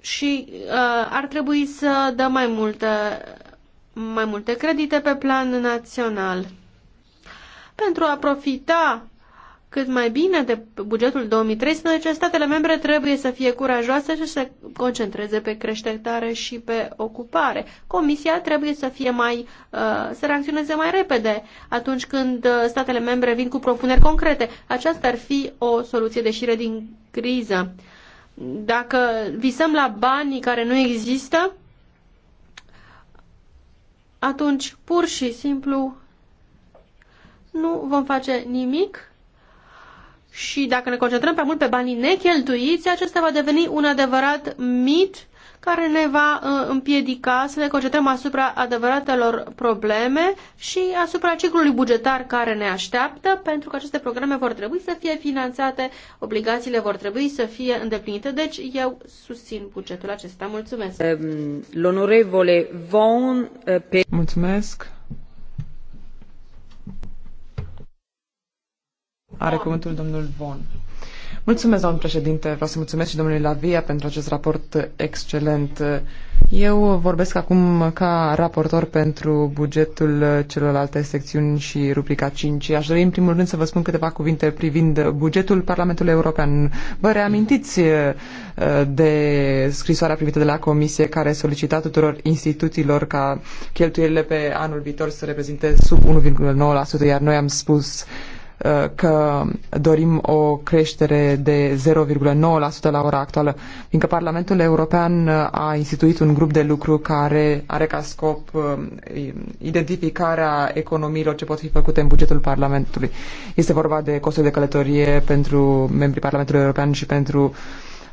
și uh, ar trebui să dăm mai multe, mai multe credite pe plan național. Pentru a profita cât mai bine de bugetul 2013, statele membre trebuie să fie curajoase și să se concentreze pe creștere și pe ocupare. Comisia trebuie să fie mai uh, să reacționeze mai repede atunci când uh, statele membre vin cu propuneri concrete. Aceasta ar fi o soluție de șire din criză. Dacă visăm la banii care nu există, atunci pur și simplu nu vom face nimic și dacă ne concentrăm prea mult pe banii necheltuiți, acesta va deveni un adevărat mit care ne va uh, împiedica să ne concentrăm asupra adevăratelor probleme și asupra ciclului bugetar care ne așteaptă, pentru că aceste programe vor trebui să fie finanțate, obligațiile vor trebui să fie îndeplinite. Deci eu susțin bugetul acesta. Mulțumesc. L'onorevole Von eh, pe... Mulțumesc. Are cuvântul domnul Von. Mulțumesc, doamnă președinte. Vreau să mulțumesc și domnului Lavia pentru acest raport excelent. Eu vorbesc acum ca raportor pentru bugetul celorlalte secțiuni și rubrica 5. Aș dori în primul rând să vă spun câteva cuvinte privind bugetul Parlamentului European. Vă reamintiți uh, de scrisoarea primită de la Comisie care solicita tuturor instituțiilor ca cheltuielile pe anul viitor să reprezinte sub 1,9%, iar noi am spus că dorim o creștere de 0,9% la ora actuală, fiindcă Parlamentul European uh, a instituit un grup de lucru care are ca scop uh, identificarea economiilor ce pot fi făcute în bugetul Parlamentului. Este vorba de costuri de călătorie pentru membrii Parlamentului European și pentru,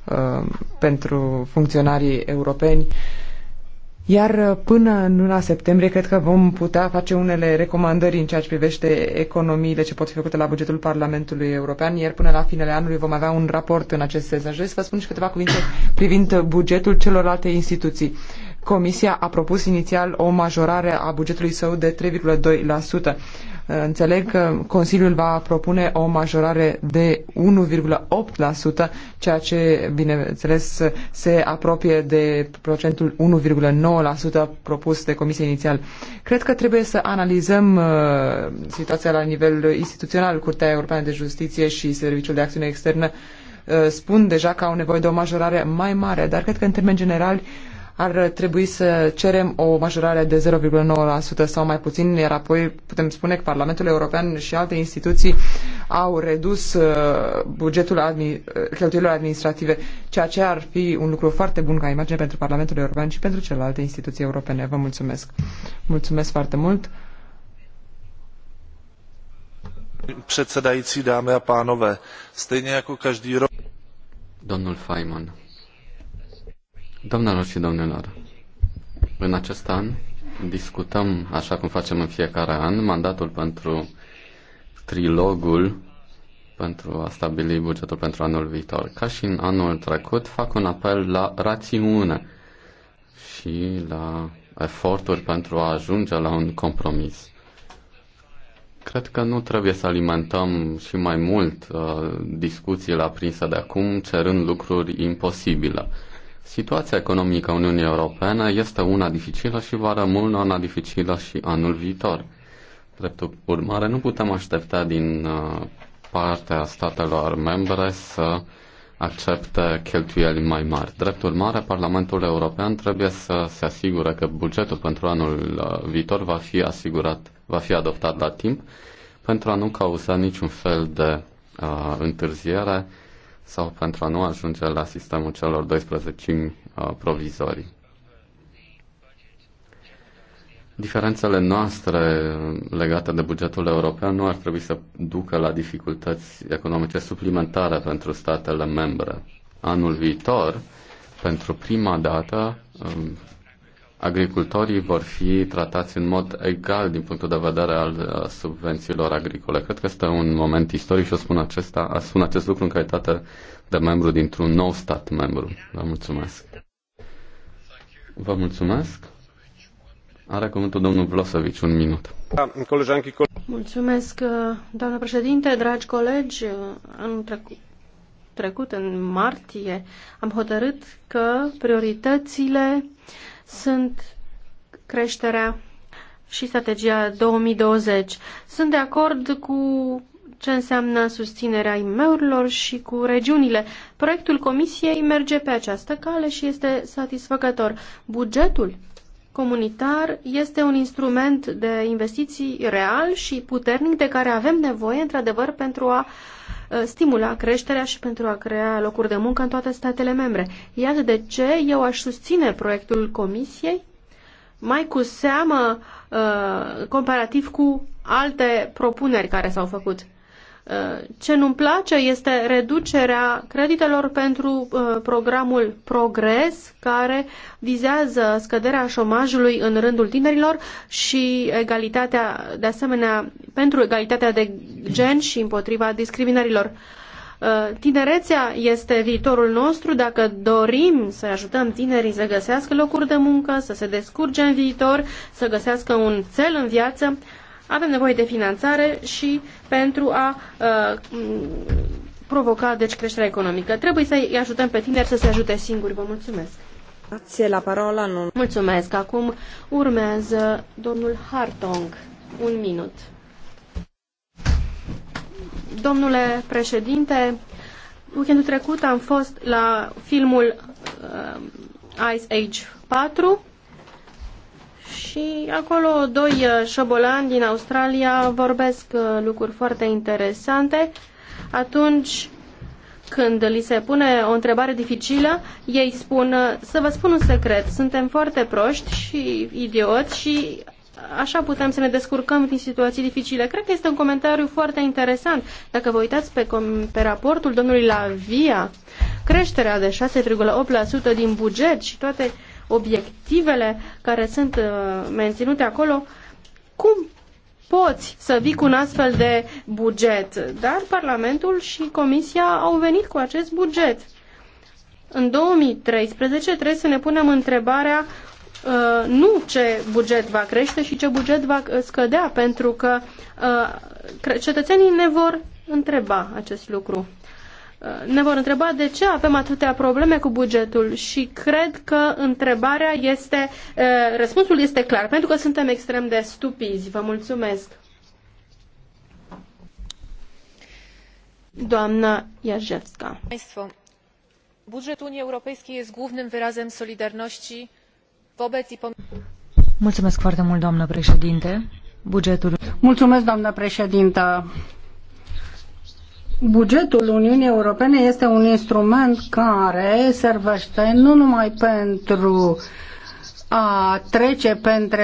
uh, pentru funcționarii europeni. Iar uh, până în luna septembrie, cred că vom putea face unele recomandări în ceea ce privește economiile ce pot fi făcute la bugetul Parlamentului European, iar până la finele anului vom avea un raport în acest sens. Aș vrea să vă spun și câteva cuvinte privind bugetul celorlalte instituții. Comisia a propus inițial o majorare a bugetului său de 3,2%. Înțeleg că Consiliul va propune o majorare de 1,8%, ceea ce, bineînțeles, se apropie de procentul 1,9% propus de Comisia inițial. Cred că trebuie să analizăm uh, situația la nivel instituțional. Curtea Europeană de Justiție și Serviciul de Acțiune Externă uh, spun deja că au nevoie de o majorare mai mare, dar cred că, în termeni generali, ar trebui să cerem o majorare de 0,9% sau mai puțin, iar apoi putem spune că Parlamentul European și alte instituții au redus uh, bugetul administ- uh, cheltuielor administrative, ceea ce ar fi un lucru foarte bun ca imagine pentru Parlamentul European și pentru celelalte instituții europene. Vă mulțumesc. Mulțumesc foarte mult. Předsedající, dámy a pánové, stejně jako každý rok. Domnul Fajman. Domnilor și domnilor, în acest an discutăm, așa cum facem în fiecare an, mandatul pentru trilogul pentru a stabili bugetul pentru anul viitor. Ca și în anul trecut, fac un apel la rațiune și la eforturi pentru a ajunge la un compromis. Cred că nu trebuie să alimentăm și mai mult uh, discuțiile aprinse de acum, cerând lucruri imposibile. Situația economică a Uniunii Europene este una dificilă și va rămâne una dificilă și anul viitor. Drept urmare, nu putem aștepta din uh, partea statelor membre să accepte cheltuieli mai mari. Drept urmare, Parlamentul European trebuie să se asigure că bugetul pentru anul uh, viitor va fi asigurat, va fi adoptat la timp pentru a nu cauza niciun fel de uh, întârziere sau pentru a nu ajunge la sistemul celor 12 uh, provizorii. Diferențele noastre legate de bugetul european nu ar trebui să ducă la dificultăți economice suplimentare pentru statele membre. Anul viitor, pentru prima dată, um, agricultorii vor fi tratați în mod egal din punctul de vedere al uh, subvențiilor agricole. Cred că este un moment istoric și o spun, acesta, spun acest lucru în calitate de membru dintr-un nou stat membru. Vă mulțumesc. Vă mulțumesc. Are cuvântul domnul Vlosovic, un minut. Mulțumesc, uh, doamnă președinte, dragi colegi. Uh, în trecut, trecut, în martie, am hotărât că prioritățile uh, sunt creșterea și strategia 2020. Sunt de acord cu ce înseamnă susținerea IMM-urilor și cu regiunile. Proiectul Comisiei merge pe această cale și este satisfăcător. Bugetul comunitar este un instrument de investiții real și puternic de care avem nevoie, într-adevăr, pentru a uh, Uh, stimula creșterea și pentru a crea locuri de muncă în toate statele membre. Iată de ce eu aș susține proiectul Comisiei, mai cu seamă uh, comparativ cu alte propuneri care s-au făcut. Uh, ce nu-mi place este reducerea creditelor pentru uh, programul Progres, care vizează scăderea șomajului în rândul tinerilor și egalitatea, de asemenea, pentru egalitatea de gen și împotriva discriminărilor. Uh, tinerețea este viitorul nostru dacă dorim să ajutăm tinerii să găsească locuri de muncă, să se descurce în viitor, să găsească un cel în viață avem nevoie de finanțare și pentru a uh, provoca deci creșterea economică. Trebuie să-i ajutăm pe tineri să se ajute singuri. Vă mulțumesc. Grazie la parola, nu. Mulțumesc. Acum urmează domnul Hartong. Un minut. Domnule președinte, weekendul trecut am fost la filmul uh, Ice Age 4 și acolo doi uh, șobolani din Australia vorbesc uh, lucruri foarte interesante. Atunci când li se pune o întrebare dificilă, ei spun, uh, să vă spun un secret, suntem foarte proști și idioți și așa putem să ne descurcăm din situații dificile. Cred că este un comentariu foarte interesant. Dacă vă uitați pe, pe raportul domnului Lavia, creșterea de 6,8% din buget și toate uh, obiectivele care sunt uh, menținute acolo, cum poți să vii cu un astfel de buget? Dar Parlamentul și Comisia au venit cu acest buget. În 2013 trebuie să ne punem întrebarea uh, nu ce buget va crește și ce buget va scădea, pentru că uh, cetățenii ne vor întreba acest lucru. Uh, ne vor întreba de ce avem atâtea probleme cu bugetul și cred că întrebarea este, uh, răspunsul este clar, pentru că suntem extrem de stupizi. Vă mulțumesc. Doamna Jarzewska. Budżet Unii Europejskiej este głównym wyrazem solidarności wobec i Mulțumesc foarte mult, doamnă președinte. Bugetul. Mulțumesc, doamnă președintă. Bugetul Uniunii Europene este un instrument care servește nu numai pentru a trece pentru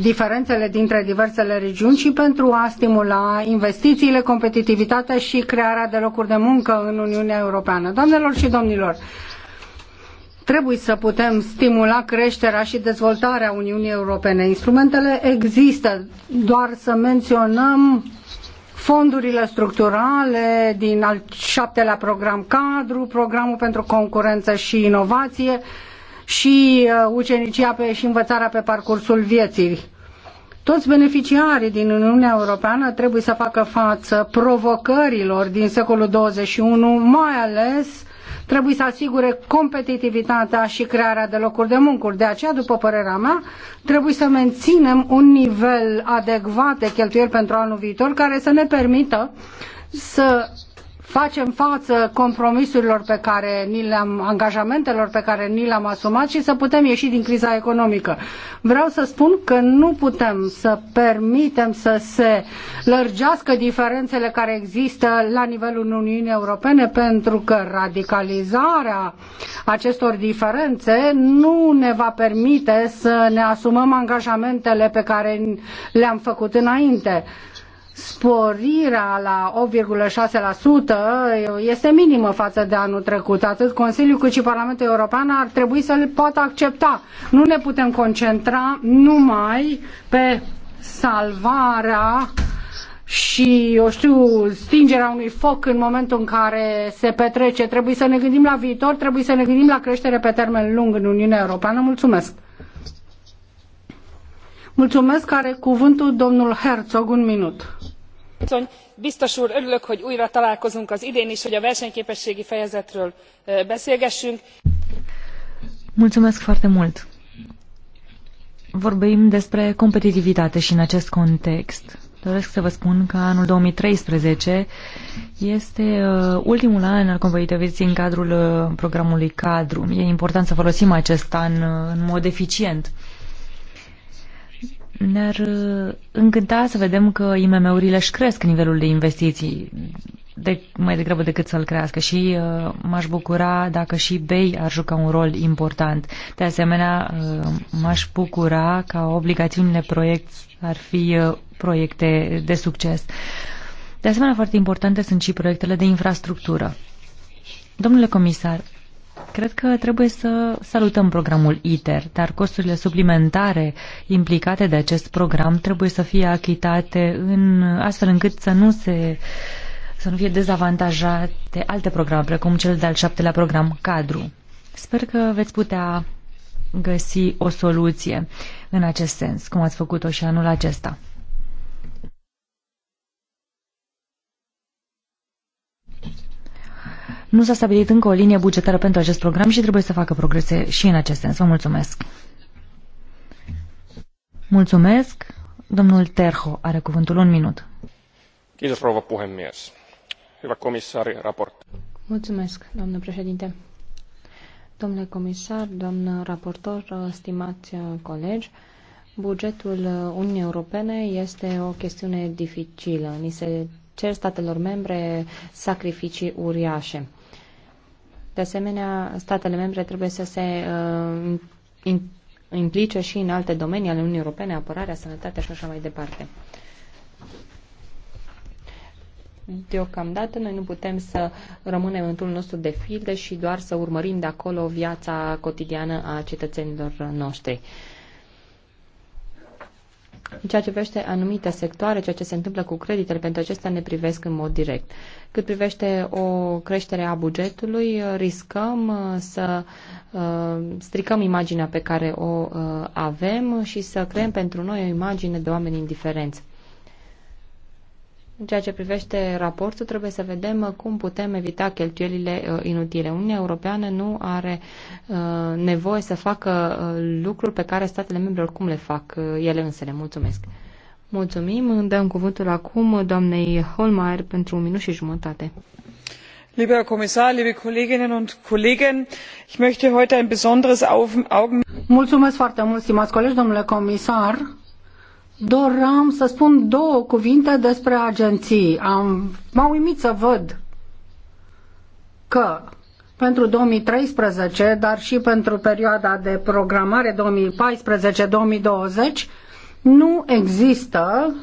diferențele dintre diversele regiuni și pentru a stimula investițiile, competitivitatea și crearea de locuri de muncă în Uniunea Europeană. Doamnelor și domnilor, trebuie să putem stimula creșterea și dezvoltarea Uniunii Europene. Instrumentele există, doar să menționăm fondurile structurale din al șaptelea program cadru, programul pentru concurență și inovație și uh, ucenicia pe, și învățarea pe parcursul vieții. Toți beneficiarii din Uniunea Europeană trebuie să facă față provocărilor din secolul 21, mai ales trebuie să asigure competitivitatea și crearea de locuri de muncă. De aceea, după părerea mea, trebuie să menținem un nivel adecvat de cheltuieli pentru anul viitor care să ne permită să facem față compromisurilor pe care ni le-am, angajamentelor pe care ni le-am asumat și să putem ieși din criza economică. Vreau să spun că nu putem să permitem să se lărgească diferențele care există la nivelul Uniunii Europene pentru că radicalizarea acestor diferențe nu ne va permite să ne asumăm angajamentele pe care le-am făcut înainte sporirea la 8,6% este minimă față de anul trecut. Atât Consiliul cât și Parlamentul European ar trebui să le poată accepta. Nu ne putem concentra numai pe salvarea și, eu știu, stingerea unui foc în momentul în care se petrece. Trebuie să ne gândim la viitor, trebuie să ne gândim la creștere pe termen lung în Uniunea Europeană. Mulțumesc! Mulțumesc, are cuvântul domnul Herzog, un minut. Biztos úr, örülök, hogy újra találkozunk az idén is, hogy a versenyképességi fejezetről beszélgessünk. Mulțumesc foarte mult. Vorbim despre competitivitate și în acest context doresc să vă spun că anul 2013 este uh, ultimul an al competitivității în cadrul uh, programului cadru. E important să folosim acest an uh, în mod eficient. Uh, ne-ar uh, încânta să vedem că IMM-urile își cresc nivelul de investiții de, mai degrabă decât să-l crească și uh, m-aș bucura dacă și BEI ar juca un rol important. De asemenea, uh, m-aș bucura ca obligațiunile proiect ar fi uh, proiecte de succes. De asemenea, foarte importante sunt și proiectele de infrastructură. Domnule comisar, Cred că trebuie să salutăm programul ITER, dar costurile suplimentare implicate de acest program trebuie să fie achitate în, astfel încât să nu se să nu fie dezavantajate alte programe, precum cel de-al șaptelea program cadru. Sper că veți putea găsi o soluție în acest sens, cum ați făcut-o și anul acesta. Nu s-a stabilit încă o linie bugetară pentru acest program și trebuie să facă progrese și în acest sens. Vă mulțumesc! Mulțumesc! Domnul Terho are cuvântul un minut. Kiitos, rouva puhemies. Hyvä komissaari, raport. Mulțumesc, domnule președinte. Domnule comisar, domnul raportor, stimați colegi, bugetul Uniunii Europene este o chestiune dificilă. Ni se cer statelor membre sacrificii uriașe. De asemenea, statele membre trebuie să se uh, implice și în alte domenii ale Uniunii Europene, apărarea, sănătatea și așa mai departe. Deocamdată noi nu putem să rămânem în un nostru de filde și doar să urmărim de acolo viața cotidiană a cetățenilor noștri. Uh, în ceea ce privește anumite sectoare, ceea ce se întâmplă cu creditele pentru acestea ne privesc în mod direct. Cât privește o creștere a bugetului, riscăm uh, să uh, stricăm imaginea pe care o uh, avem și să creăm pentru noi o imagine de oameni indiferenți. În ceea ce privește raportul, trebuie să vedem cum putem evita cheltuielile uh, inutile. Uniunea Europeană nu are uh, nevoie să facă uh, lucruri pe care statele membre oricum le fac ele însele. Mulțumesc! Mulțumim! Dăm cuvântul acum doamnei Holmeier pentru un minut și jumătate. Lieber Comisar, liebe Kolleginnen und Kollegen, ich möchte heute ein besonderes Augenmerk. Mulțumesc foarte mult, stimați colegi, domnule comisar Doram să spun două cuvinte despre agenții. Am, m-a uimit să văd că pentru 2013, dar și pentru perioada de programare 2014-2020, nu există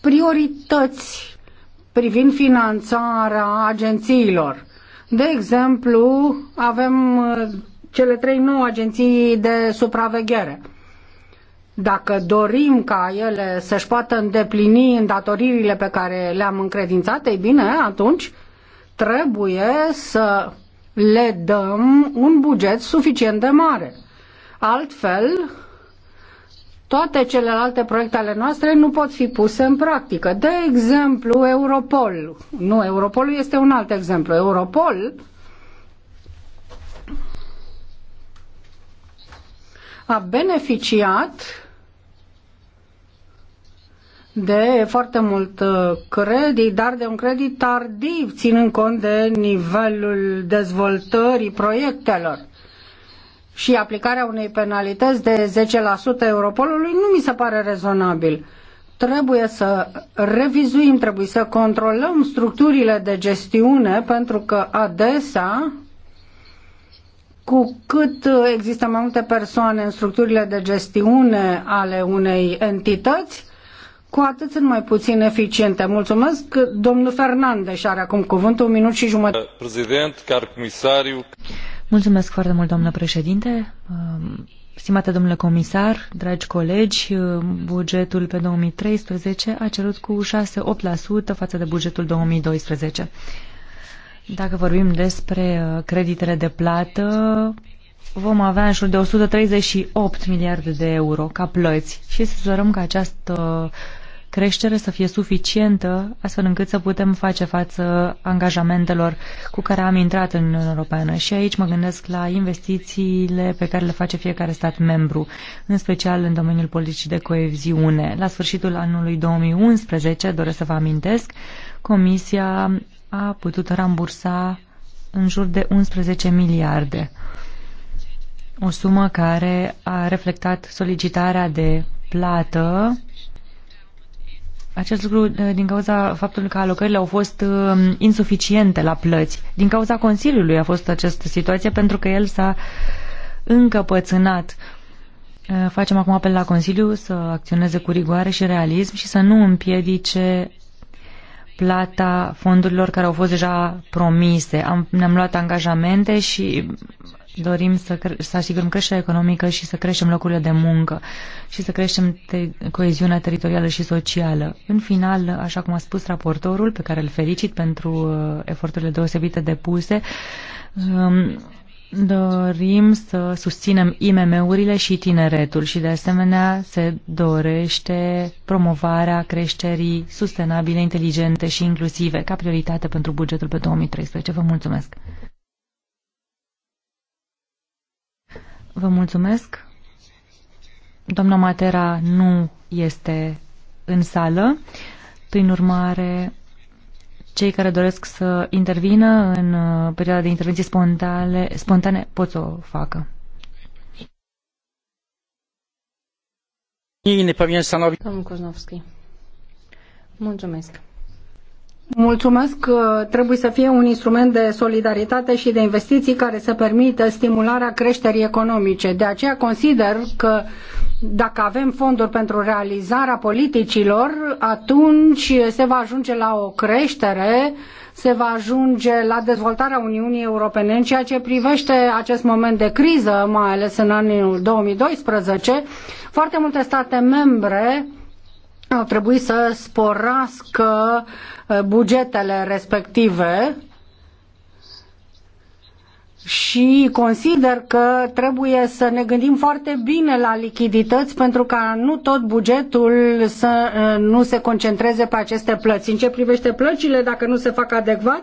priorități privind finanțarea agențiilor. De exemplu, avem uh, cele trei nouă agenții de supraveghere. Dacă dorim ca ele să-și poată îndeplini îndatoririle pe care le-am încredințat, ei bine, atunci trebuie să le dăm un buget suficient de mare. Altfel, toate celelalte proiecte ale noastre nu pot fi puse în practică. De exemplu, Europol. Nu, Europol, este un alt exemplu. Europol a beneficiat de foarte mult uh, credit, dar de un credit tardiv, ținând cont de nivelul dezvoltării proiectelor. Și aplicarea unei penalități de 10% Europolului nu mi se pare rezonabil. Trebuie să revizuim, trebuie să controlăm structurile de gestiune, pentru că adesea cu cât uh, există mai multe persoane în structurile de gestiune ale unei entități, cu atât sunt mai puțin eficiente. Mulțumesc, domnul Fernandez are acum cuvântul, un minut și jumătate. Prezident, car comisariu. Mulțumesc foarte mult, domnule președinte. Um, stimate domnule comisar, dragi colegi, um, bugetul pe 2013 a cerut cu 6-8% față de bugetul 2012. Dacă vorbim despre uh, creditele de plată, vom avea în jur de 138 miliarde de euro ca plăți și să sperăm că această creștere să fie suficientă astfel încât să putem face față angajamentelor cu care am intrat în Uniunea Europeană. Și aici mă gândesc la investițiile pe care le face fiecare stat membru, în special în domeniul politicii de coeziune. La sfârșitul anului 2011, doresc să vă amintesc, Comisia a putut rambursa în jur de 11 miliarde o sumă care a reflectat solicitarea de plată acest lucru eh, din cauza faptului că alocările au fost eh, insuficiente la plăți. Din cauza Consiliului a fost această situație pentru că el s-a încăpățânat. Eh, facem acum apel la Consiliu să acționeze cu rigoare și realism și să nu împiedice plata fondurilor care au fost deja promise. Am, ne-am luat angajamente și dorim să, să asigurăm creșterea economică și să creștem locurile de muncă și să creștem te coeziunea teritorială și socială. În final, așa cum a spus raportorul, pe care îl felicit pentru uh, eforturile deosebite depuse, um, dorim să susținem IMM-urile și tineretul și de asemenea se dorește promovarea creșterii sustenabile, inteligente și inclusive ca prioritate pentru bugetul pe 2013. Vă mulțumesc! Vă mulțumesc. Doamna Matera nu este în sală. Prin urmare, cei care doresc să intervină în uh, perioada de intervenții spontane, spontane pot să o facă. Domnul Koznovski, mulțumesc. Mulțumesc. Trebuie să fie un instrument de solidaritate și de investiții care să permită stimularea creșterii economice. De aceea consider că dacă avem fonduri pentru realizarea politicilor, atunci se va ajunge la o creștere, se va ajunge la dezvoltarea Uniunii Europene. În ceea ce privește acest moment de criză, mai ales în anul 2012, foarte multe state membre au trebuit să sporască uh, bugetele respective și consider că trebuie să ne gândim foarte bine la lichidități pentru ca nu tot bugetul să uh, nu se concentreze pe aceste plăți. În ce privește plăcile, dacă nu se fac adecvat,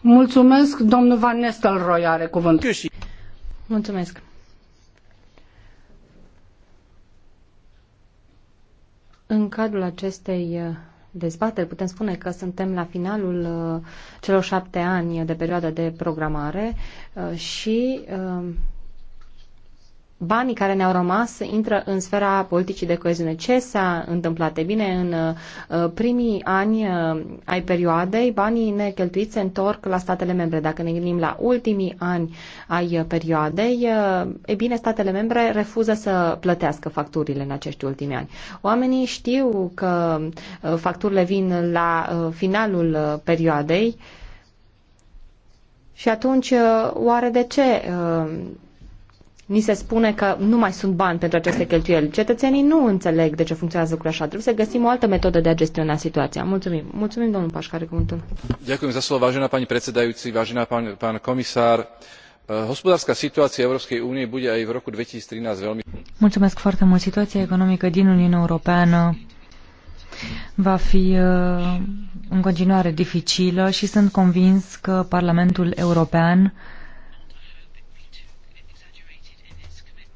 Mulțumesc, domnul Van Nestelrooy are cuvântul. Mulțumesc. În cadrul acestei uh, dezbateri putem spune că suntem la finalul uh, celor șapte ani de perioadă de programare uh, și banii care ne-au rămas intră în sfera politicii de coeziune. Ce s-a întâmplat? E bine, în uh, primii ani uh, ai perioadei, banii necheltuiți se întorc la statele membre. Dacă ne gândim la ultimii ani ai uh, perioadei, e bine, statele membre refuză să plătească facturile în acești ultimi ani. Oamenii știu că facturile vin la finalul perioadei, și atunci, oare de ce Ni se spune că nu mai sunt bani pentru aceste cheltuieli. Cetățenii nu înțeleg de ce funcționează lucrurile așa. Trebuie să găsim o altă metodă de a gestiona situația. Mulțumim. Mulțumim, domnul Pașcare, cuvântul. Ďakujem za slovo, vážená pani predsedajúci, vážená pán, pán komisár. Eh, hospodárska situácia Európskej únie bude aj v roku 2013 veľmi... Mulțumesc foarte mult. Situația economică din Uniunea Europeană va fi eh, în continuare dificilă și sunt convins că Parlamentul European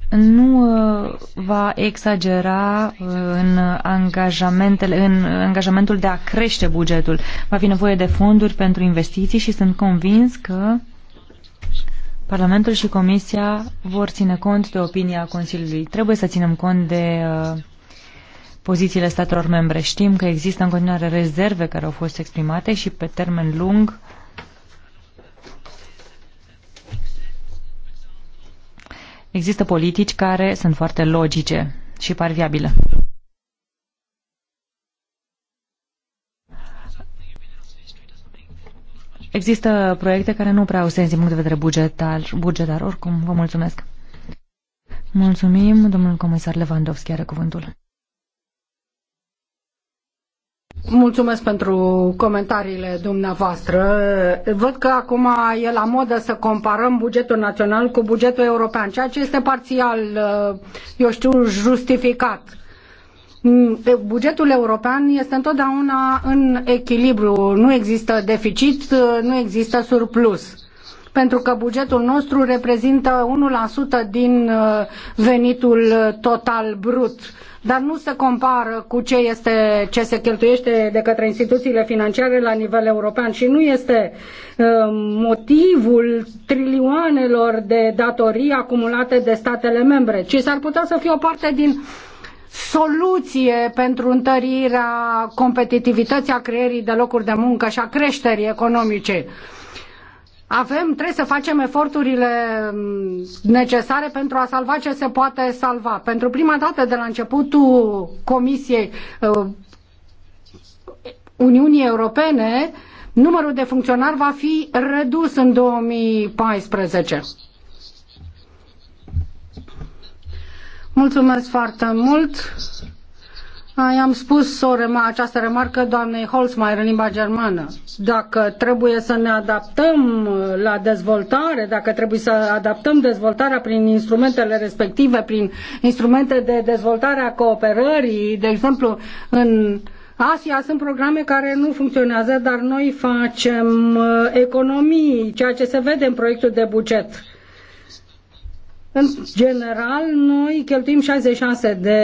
nu uh, va exagera uh, în, angajamentele, în angajamentul de a crește bugetul. Va fi nevoie de fonduri pentru investiții și sunt convins că Parlamentul și Comisia vor ține cont de opinia Consiliului. Trebuie să ținem cont de uh, pozițiile statelor membre. Știm că există în continuare rezerve care au fost exprimate și pe termen lung Există politici care sunt foarte logice și par viabile. Există proiecte care nu prea au sens din punct de vedere bugetar, bugetar. Oricum, vă mulțumesc. Mulțumim, domnul comisar Lewandowski are cuvântul. Mulțumesc pentru comentariile dumneavoastră. Văd că acum e la modă să comparăm bugetul național cu bugetul european, ceea ce este parțial, uh, eu știu, justificat. Mm, bugetul european este întotdeauna în echilibru. Nu există deficit, uh, nu există surplus pentru că bugetul nostru reprezintă 1% din uh, venitul uh, total brut dar nu se compară cu ce, este, ce se cheltuiește de către instituțiile financiare la nivel european și nu este uh, motivul trilioanelor de datorii acumulate de statele membre, ci s-ar putea să fie o parte din soluție pentru întărirea competitivității, a creierii de locuri de muncă și a creșterii economice. Uh, avem, trebuie să facem eforturile mm, necesare pentru a salva ce se poate salva. Pentru prima dată de la începutul Comisiei uh, Uniunii Europene, numărul de funcționari va fi redus în 2014. Mulțumesc foarte mult! I-am spus o această remarcă doamnei Holzmeier în limba germană. Dacă trebuie să ne adaptăm la dezvoltare, dacă trebuie să adaptăm dezvoltarea prin instrumentele respective, prin instrumente de dezvoltare a cooperării, de exemplu, în Asia sunt programe care nu funcționează, dar noi facem uh, economii, ceea ce se vede în proiectul de buget în general, noi cheltuim 66 de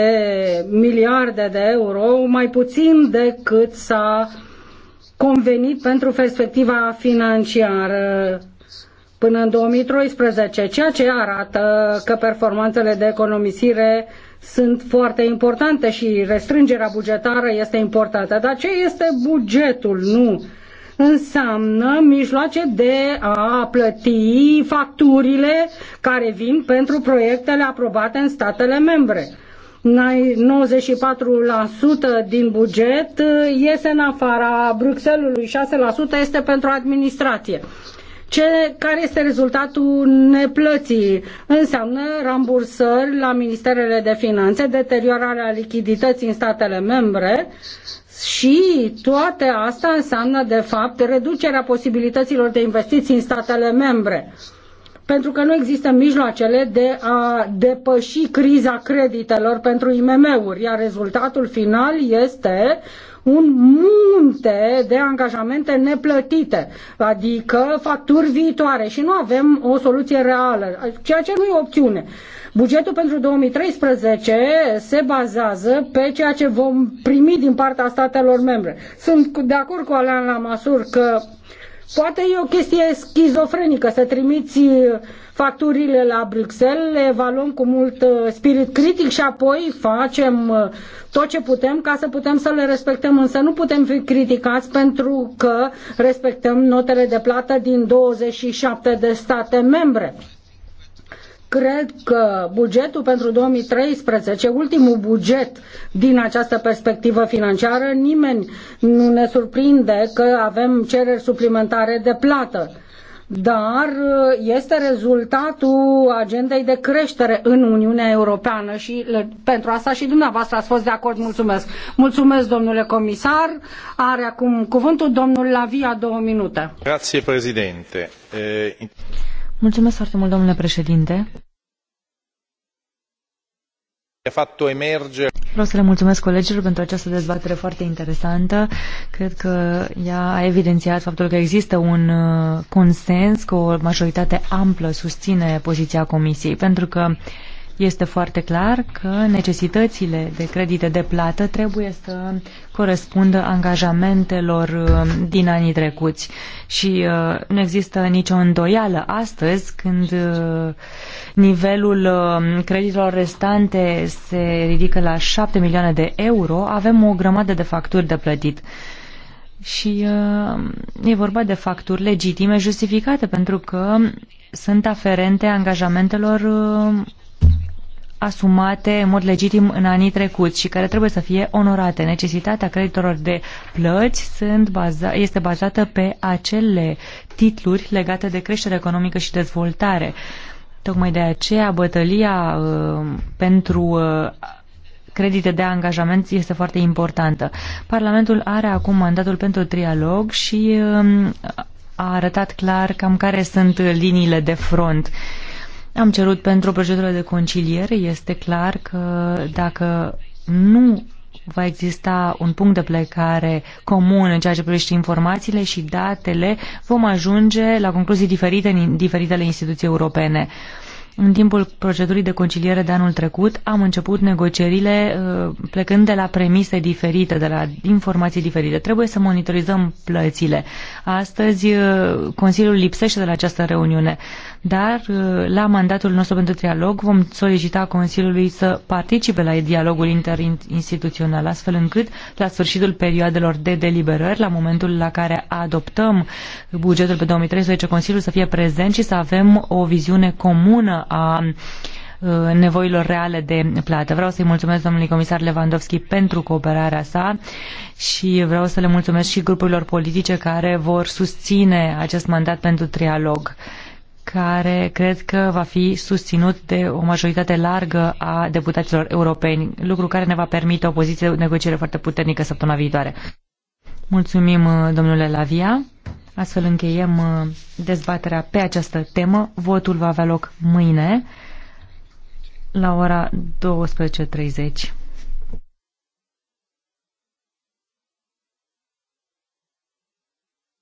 miliarde de euro, mai puțin decât s-a convenit pentru perspectiva financiară până în 2013, ceea ce arată că performanțele de economisire sunt foarte importante și restrângerea bugetară este importantă. Dar ce este bugetul? Nu înseamnă mijloace de a plăti facturile care vin pentru proiectele aprobate în statele membre. 94% din buget uh, iese în afara Bruxellesului, 6% este pentru administrație. Ce, care este rezultatul neplății? Înseamnă rambursări la ministerele de finanțe, deteriorarea lichidității în statele membre și toate asta înseamnă, de fapt, reducerea posibilităților de investiții în statele membre pentru că nu există mijloacele de a depăși criza creditelor pentru IMM-uri, iar rezultatul final este un munte de angajamente neplătite, adică facturi viitoare și nu avem o soluție reală, ceea ce nu e o opțiune. Bugetul pentru 2013 se bazează pe ceea ce vom primi din partea statelor membre. Sunt de acord cu Alain Lamassur că uh, Poate e o chestie schizofrenică să trimiți uh, facturile la Bruxelles, le evaluăm cu mult uh, spirit critic și apoi facem uh, tot ce putem ca să putem să le respectăm, însă nu putem fi criticați pentru că respectăm notele de plată din 27 de state membre cred că bugetul pentru 2013, ultimul buget din această perspectivă financiară, nimeni nu ne surprinde că avem cereri suplimentare de plată dar uh, este rezultatul agendei de creștere în Uniunea Europeană și pentru asta și dumneavoastră ați fost de acord. Mulțumesc. Mulțumesc, domnule comisar. Are acum cuvântul domnul Lavia, două minute. Grazie, președinte. Eh, Mulțumesc foarte mult, domnule președinte. Vreau să le mulțumesc colegilor pentru această dezbatere foarte interesantă. Cred că ea a evidențiat faptul că există un uh, consens, că o majoritate amplă susține poziția Comisiei, pentru că este foarte clar că necesitățile de credite de plată trebuie să corespundă angajamentelor uh, din anii trecuți și uh, nu există nicio îndoială astăzi când uh, nivelul creditelor restante se ridică la 7 milioane de euro, avem o grămadă de facturi de plătit. Și uh, e vorba de facturi legitime, justificate, pentru că sunt aferente angajamentelor uh, asumate în mod legitim în anii trecuți și care trebuie să fie onorate. Necesitatea creditorilor de plăți sunt baza, este bazată pe acele titluri legate de creștere economică și dezvoltare. Tocmai de aceea bătălia uh, pentru uh, credite de angajament este foarte importantă. Parlamentul are acum mandatul pentru trialog și uh, a arătat clar cam care sunt liniile de front. Uh, am cerut pentru procedură de conciliere. Este clar că dacă nu va exista un punct de plecare comun în ceea ce privește informațiile și datele, vom ajunge la concluzii diferite în diferitele instituții europene. În timpul procedurii de conciliere de anul trecut am început negocierile uh, plecând de la premise diferite, de la informații diferite. Trebuie să monitorizăm plățile. Astăzi uh, Consiliul lipsește de la această reuniune dar uh, la mandatul nostru pentru dialog vom solicita Consiliului să participe la dialogul interinstituțional, astfel încât la sfârșitul perioadelor de deliberări, la momentul la care adoptăm bugetul pe 2013, Consiliul să fie prezent și să avem o viziune comună a uh, nevoilor reale de plată. Vreau să-i mulțumesc domnului comisar Lewandowski pentru cooperarea sa și vreau să le mulțumesc și grupurilor politice care vor susține acest mandat pentru trialog care cred că va fi susținut de o majoritate largă a deputaților europeni, lucru care ne va permite o poziție de negociere foarte puternică săptămâna viitoare. Mulțumim, uh, domnule Lavia. Astfel încheiem uh, dezbaterea pe această temă. Votul va avea loc mâine la ora 12.30.